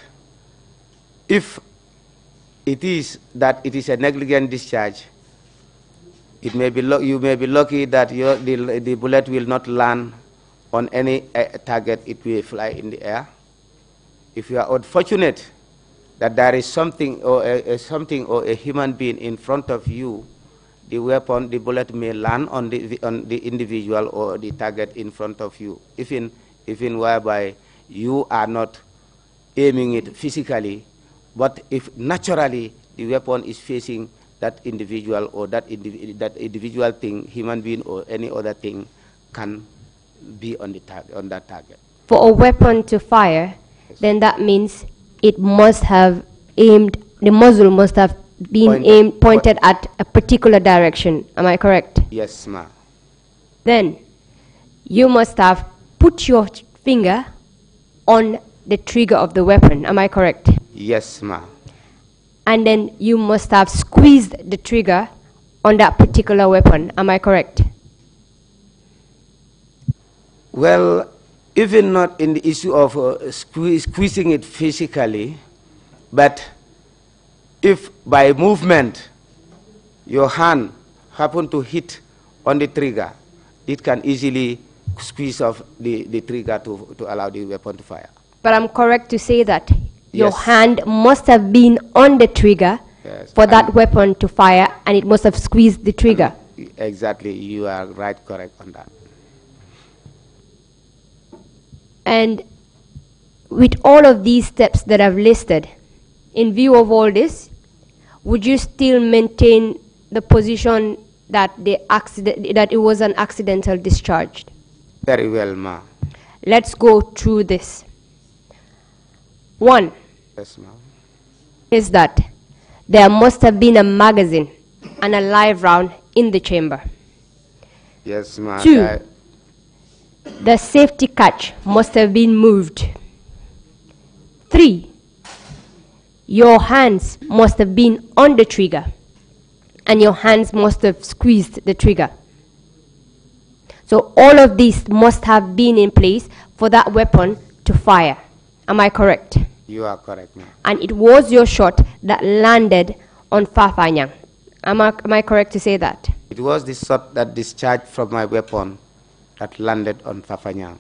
if it is that it is a negligent discharge it may be you may be lucky that your, the, the bullet will not land on any uh, target it will fly in the air if you are unfortunate that there is something or a, a something or a human being in front of you the weapon, the bullet may land on the, on the individual or the target in front of you, even, even whereby you are not aiming it physically, but if naturally the weapon is facing that individual or that, that individual thing, human being or any other thing, can be on, the tar- on that target. For a weapon to fire, yes. then that means it must have aimed, the muzzle must have being aimed, pointed po at a particular direction. Am I correct? Yes, ma'am. Then you must have put your finger on the trigger of the weapon. Am I correct? Yes, ma'am. And then you must have squeezed the trigger on that particular weapon. Am I correct? Well, even not in the issue of uh, sque squeezing it physically, but if by movement your hand happen to hit on the trigger, it can easily squeeze off the, the trigger to, to allow the weapon to fire. But I'm correct to say that your yes. hand must have been on the trigger yes. for and that weapon to fire and it must have squeezed the trigger. Exactly, you are right correct on that. And with all of these steps that I've listed, in view of all this, would you still maintain the position that, the accident, that it was an accidental discharge? Very well, ma. Let's go through this. One yes, ma is that there must have been a magazine and a live round in the chamber. Yes, ma'am. Two, I the safety catch must have been moved. Three, your hands must have been on the trigger and your hands must have squeezed the trigger. So all of these must have been in place for that weapon to fire. Am I correct? You are correct, ma'am. And it was your shot that landed on Fafanyang. Am I, am I correct to say that? It was the shot that discharged from my weapon that landed on Fafanyang.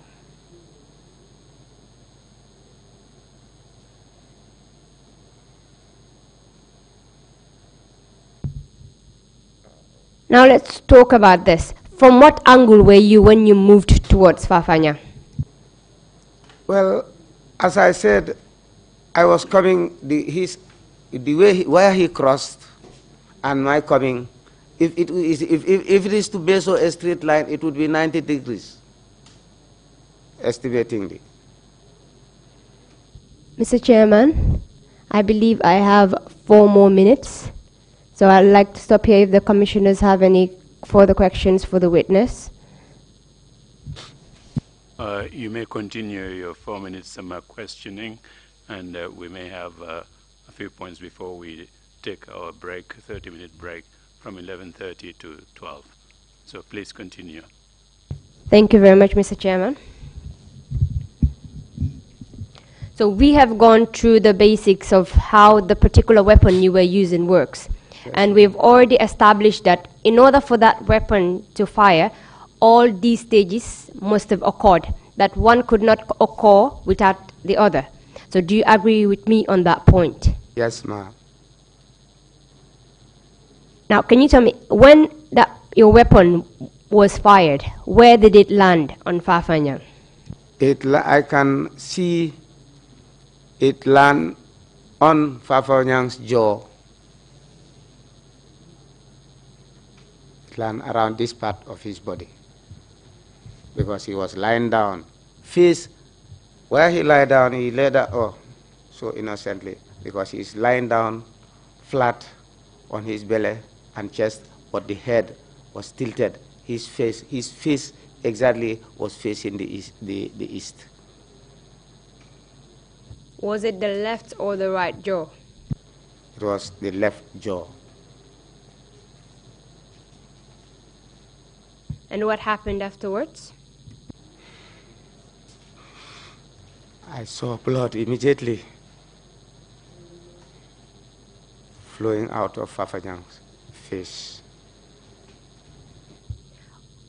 Now let's talk about this. From what angle were you when you moved towards Fafanya? Well, as I said, I was coming the, his, the way he, where he crossed and my coming. If it is, if, if, if it is to a straight line, it would be 90 degrees, estimatingly. Mr. Chairman, I believe I have four more minutes. So I'd like to stop here if the commissioners have any further questions for the witness. Uh, you may continue your four minutes summer questioning, and uh, we may have uh, a few points before we take our break, 30-minute break, from 11.30 to 12. So please continue. Thank you very much, Mr. Chairman. So we have gone through the basics of how the particular weapon you were using works. And we've already established that in order for that weapon to fire, all these stages must have occurred, that one could not occur without the other. So do you agree with me on that point? Yes, ma'am. Now, can you tell me, when that, your weapon was fired, where did it land on Fafanya? It I can see it land on Fafanyang's jaw. around this part of his body because he was lying down. Face, where he lay down, he lay down, oh, so innocently, because he is lying down flat on his belly and chest, but the head was tilted. His face, his face exactly was facing the east, the, the east. Was it the left or the right jaw? It was the left jaw. And what happened afterwards? I saw blood immediately flowing out of Fafajang's face.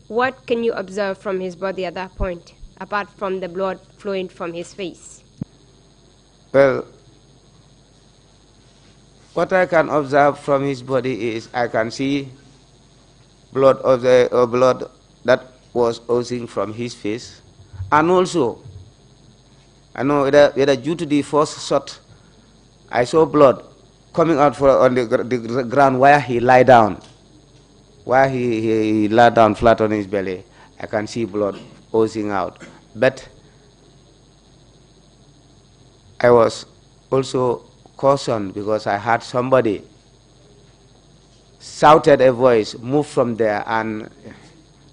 What can you observe from his body at that point, apart from the blood flowing from his face? Well, what I can observe from his body is I can see blood of the uh, blood that was oozing from his face, and also, I know whether, whether due to the first shot, I saw blood coming out for, on the, the ground where he lay down, where he, he, he lay down flat on his belly. I can see blood oozing out, but I was also cautioned because I had somebody shouted a voice, moved from there, and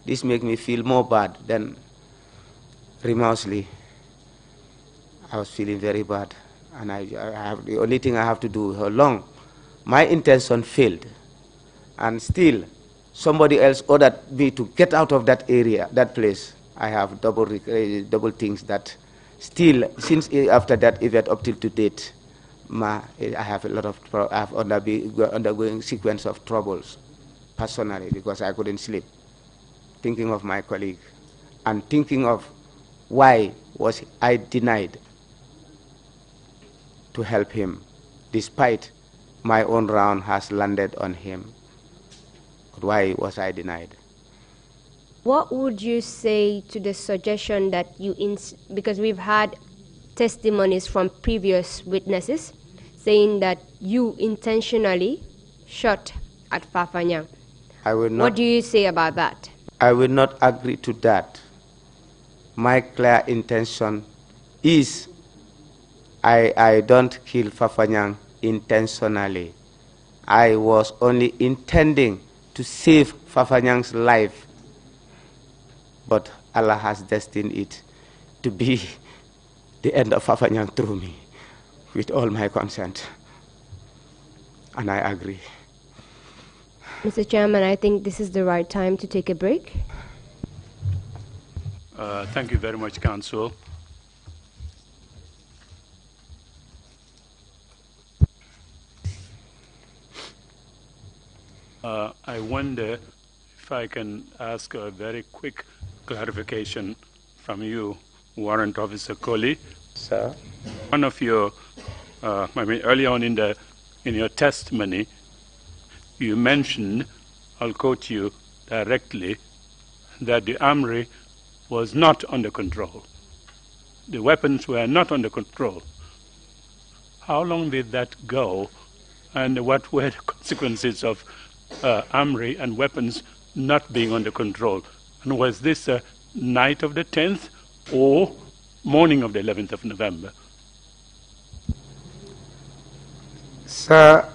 this made me feel more bad than remorselessly. I was feeling very bad, and I, I have, the only thing I have to do how long. My intention failed, and still somebody else ordered me to get out of that area, that place. I have double, eh, double things that still, since eh, after that event up till to date, my, eh, I have a lot of, I have undergoing sequence of troubles personally because I couldn't sleep, thinking of my colleague and thinking of why was I denied to help him despite my own round has landed on him. But why was I denied? What would you say to the suggestion that you, because we've had testimonies from previous witnesses saying that you intentionally shot at Fafanya. I will not, what do you say about that? I will not agree to that. My clear intention is I, I don't kill Fafanyang intentionally. I was only intending to save Fafanyang's life. But Allah has destined it to be (laughs) the end of Fafanyang through me with all my consent. And I agree. Mr. Chairman, I think this is the right time to take a break. Uh, thank you very much, Council. Uh, I wonder if I can ask a very quick clarification from you. Warrant Officer Coley. Sir, one of your, uh, I mean, early on in the in your testimony, you mentioned, I'll quote you directly, that the armory was not under control. The weapons were not under control. How long did that go, and what were the (laughs) consequences of uh, armory and weapons not being under control? And was this a night of the 10th or morning of the 11th of November. Sir,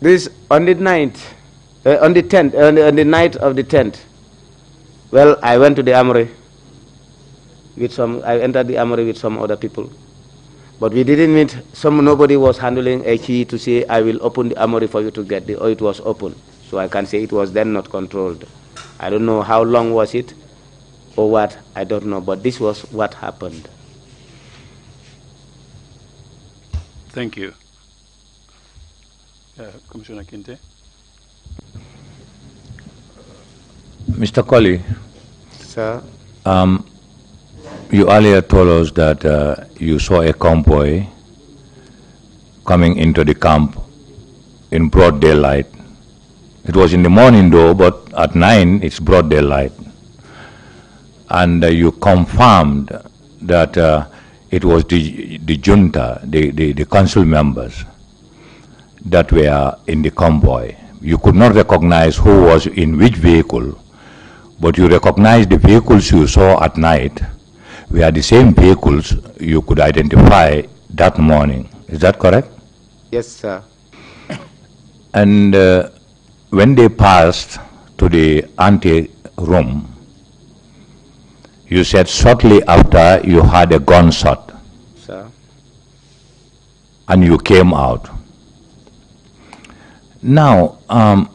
this on the night, uh, on the 10th, uh, on the, on the night of the 10th, well, I went to the armory with some, I entered the armory with some other people. But we didn't meet, some, nobody was handling a key to say, I will open the armory for you to get the, or oh, it was open. So I can say it was then not controlled. I don't know how long was it or what, I don't know, but this was what happened. Thank you. Uh, Commissioner Kinte. Mr. Colley. Sir. Um, you earlier told us that uh, you saw a convoy coming into the camp in broad daylight it was in the morning though, but at nine it's broad daylight. And uh, you confirmed that uh, it was the, the junta, the, the, the council members that were in the convoy. You could not recognize who was in which vehicle, but you recognized the vehicles you saw at night were the same vehicles you could identify that morning. Is that correct? Yes, sir. And uh, when they passed to the ante room, you said shortly after you had a gunshot. Sir. And you came out. Now, um,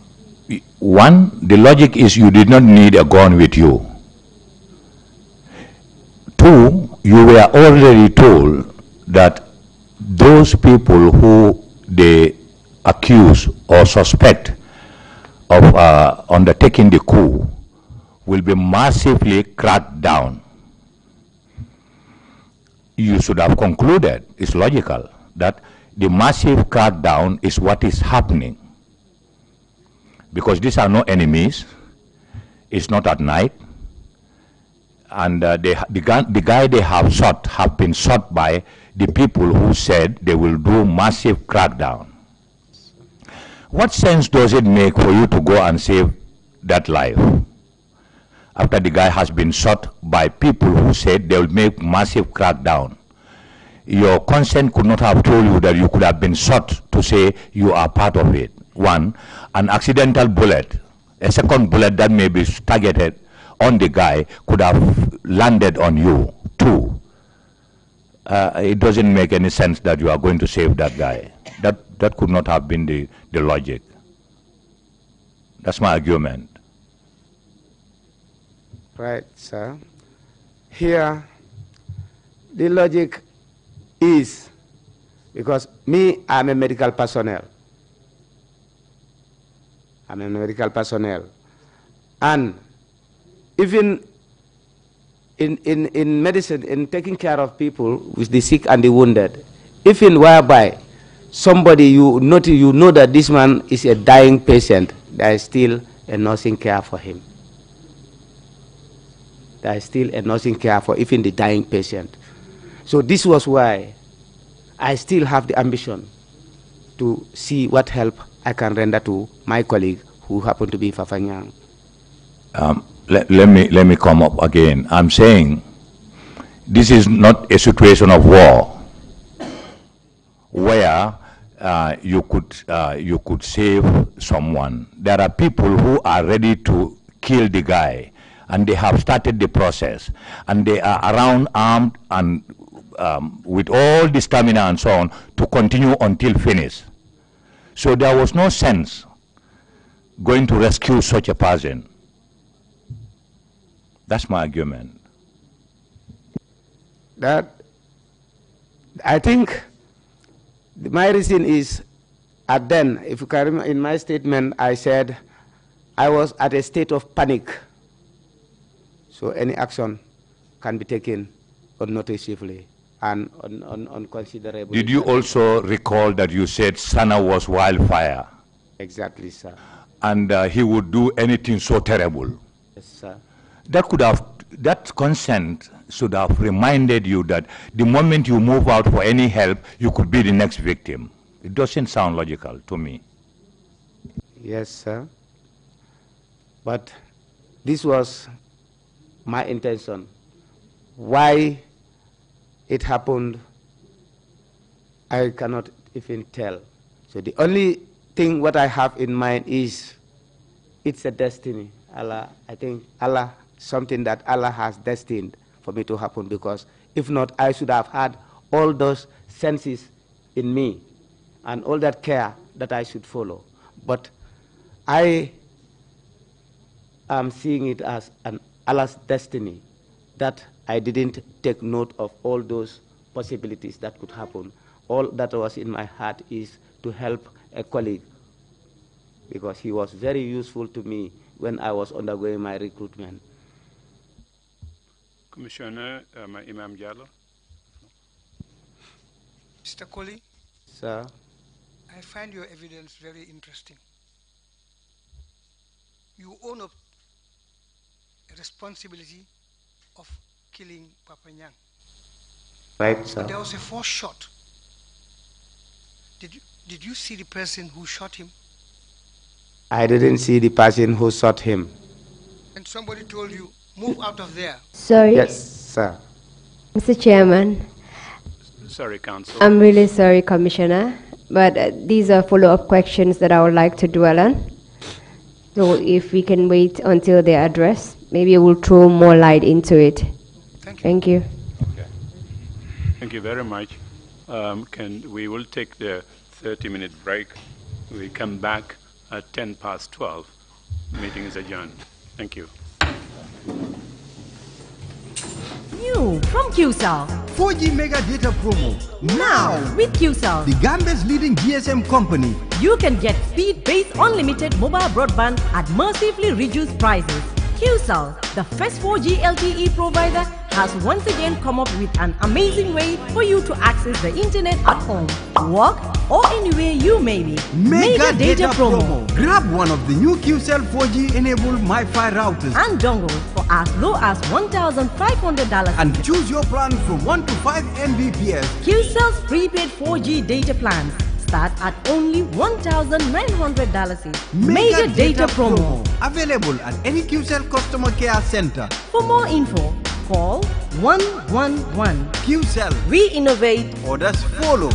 one, the logic is you did not need a gun with you. Two, you were already told that those people who they accuse or suspect of uh, undertaking the coup will be massively cracked down. You should have concluded, it's logical, that the massive crackdown is what is happening. Because these are no enemies, it's not at night, and uh, they, the, guy, the guy they have shot have been shot by the people who said they will do massive crackdown. What sense does it make for you to go and save that life after the guy has been shot by people who said they will make massive crackdown? Your consent could not have told you that you could have been shot to say you are part of it. One, an accidental bullet, a second bullet that may be targeted on the guy could have landed on you. Two, uh, it doesn't make any sense that you are going to save that guy. That could not have been the, the logic. That's my argument. Right, sir. Here, the logic is because me, I'm a medical personnel. I'm a medical personnel. And even in, in, in medicine, in taking care of people with the sick and the wounded, even whereby somebody you notice you know that this man is a dying patient there is still a nursing care for him there is still a nursing care for even the dying patient so this was why i still have the ambition to see what help i can render to my colleague who happened to be fafanyang um, let, let me let me come up again i'm saying this is not a situation of war where uh, you could uh, you could save someone. There are people who are ready to kill the guy, and they have started the process, and they are around armed and um, with all the stamina and so on to continue until finish. So there was no sense going to rescue such a person. That's my argument. That I think my reason is, at then, if you can remember in my statement, I said I was at a state of panic. So any action can be taken unnoticeably and un, un, unconsiderably. Did you also recall that you said Sana was wildfire? Exactly, sir. And uh, he would do anything so terrible? Yes, sir. That could have, that consent should have reminded you that the moment you move out for any help, you could be the next victim. It doesn't sound logical to me. Yes, sir. But this was my intention. Why it happened, I cannot even tell. So the only thing what I have in mind is it's a destiny. Allah, I think Allah, something that Allah has destined for me to happen because if not, I should have had all those senses in me and all that care that I should follow. But I am seeing it as an Allah's destiny that I didn't take note of all those possibilities that could happen. All that was in my heart is to help a colleague because he was very useful to me when I was undergoing my recruitment. Commissioner um, Imam Jallo. Mr. Kohli. Sir. I find your evidence very interesting. You own up responsibility of killing Papa Nyang. Right, sir. But there was a fourth shot. Did you, did you see the person who shot him? I didn't see the person who shot him. And somebody told you move out of there. Sorry. Yes, sir. Mr. Chairman. Sorry, Council. I'm really sorry, Commissioner, but uh, these are follow-up questions that I would like to dwell on. So if we can wait until they are addressed, maybe it will throw more light into it. Thank you. Thank you. Okay. Thank you very much. Um, can we will take the 30-minute break. We come back at 10 past 12. Meeting is adjourned. Thank you. New from QCell. 4G mega data promo. Now, with QCell, the Gambia's leading GSM company. You can get speed based unlimited mobile broadband at massively reduced prices. Qcell, the first 4G LTE provider, has once again come up with an amazing way for you to access the internet at home, work, or anywhere you may be. Mega, Mega data, data promo. promo. Grab one of the new QCell 4G enabled MiFi routers and dongles for as low as $1,500 and choose your plan from 1 to 5 Mbps. QCell's prepaid 4G data plans start at only 1900 dollars Major data, data promo. promo. Available at any QCell customer care center. For more info, call 111. QCell. We innovate. Orders follow.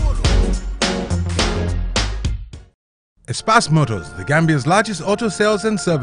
Espas Motors, the Gambia's largest auto sales and service.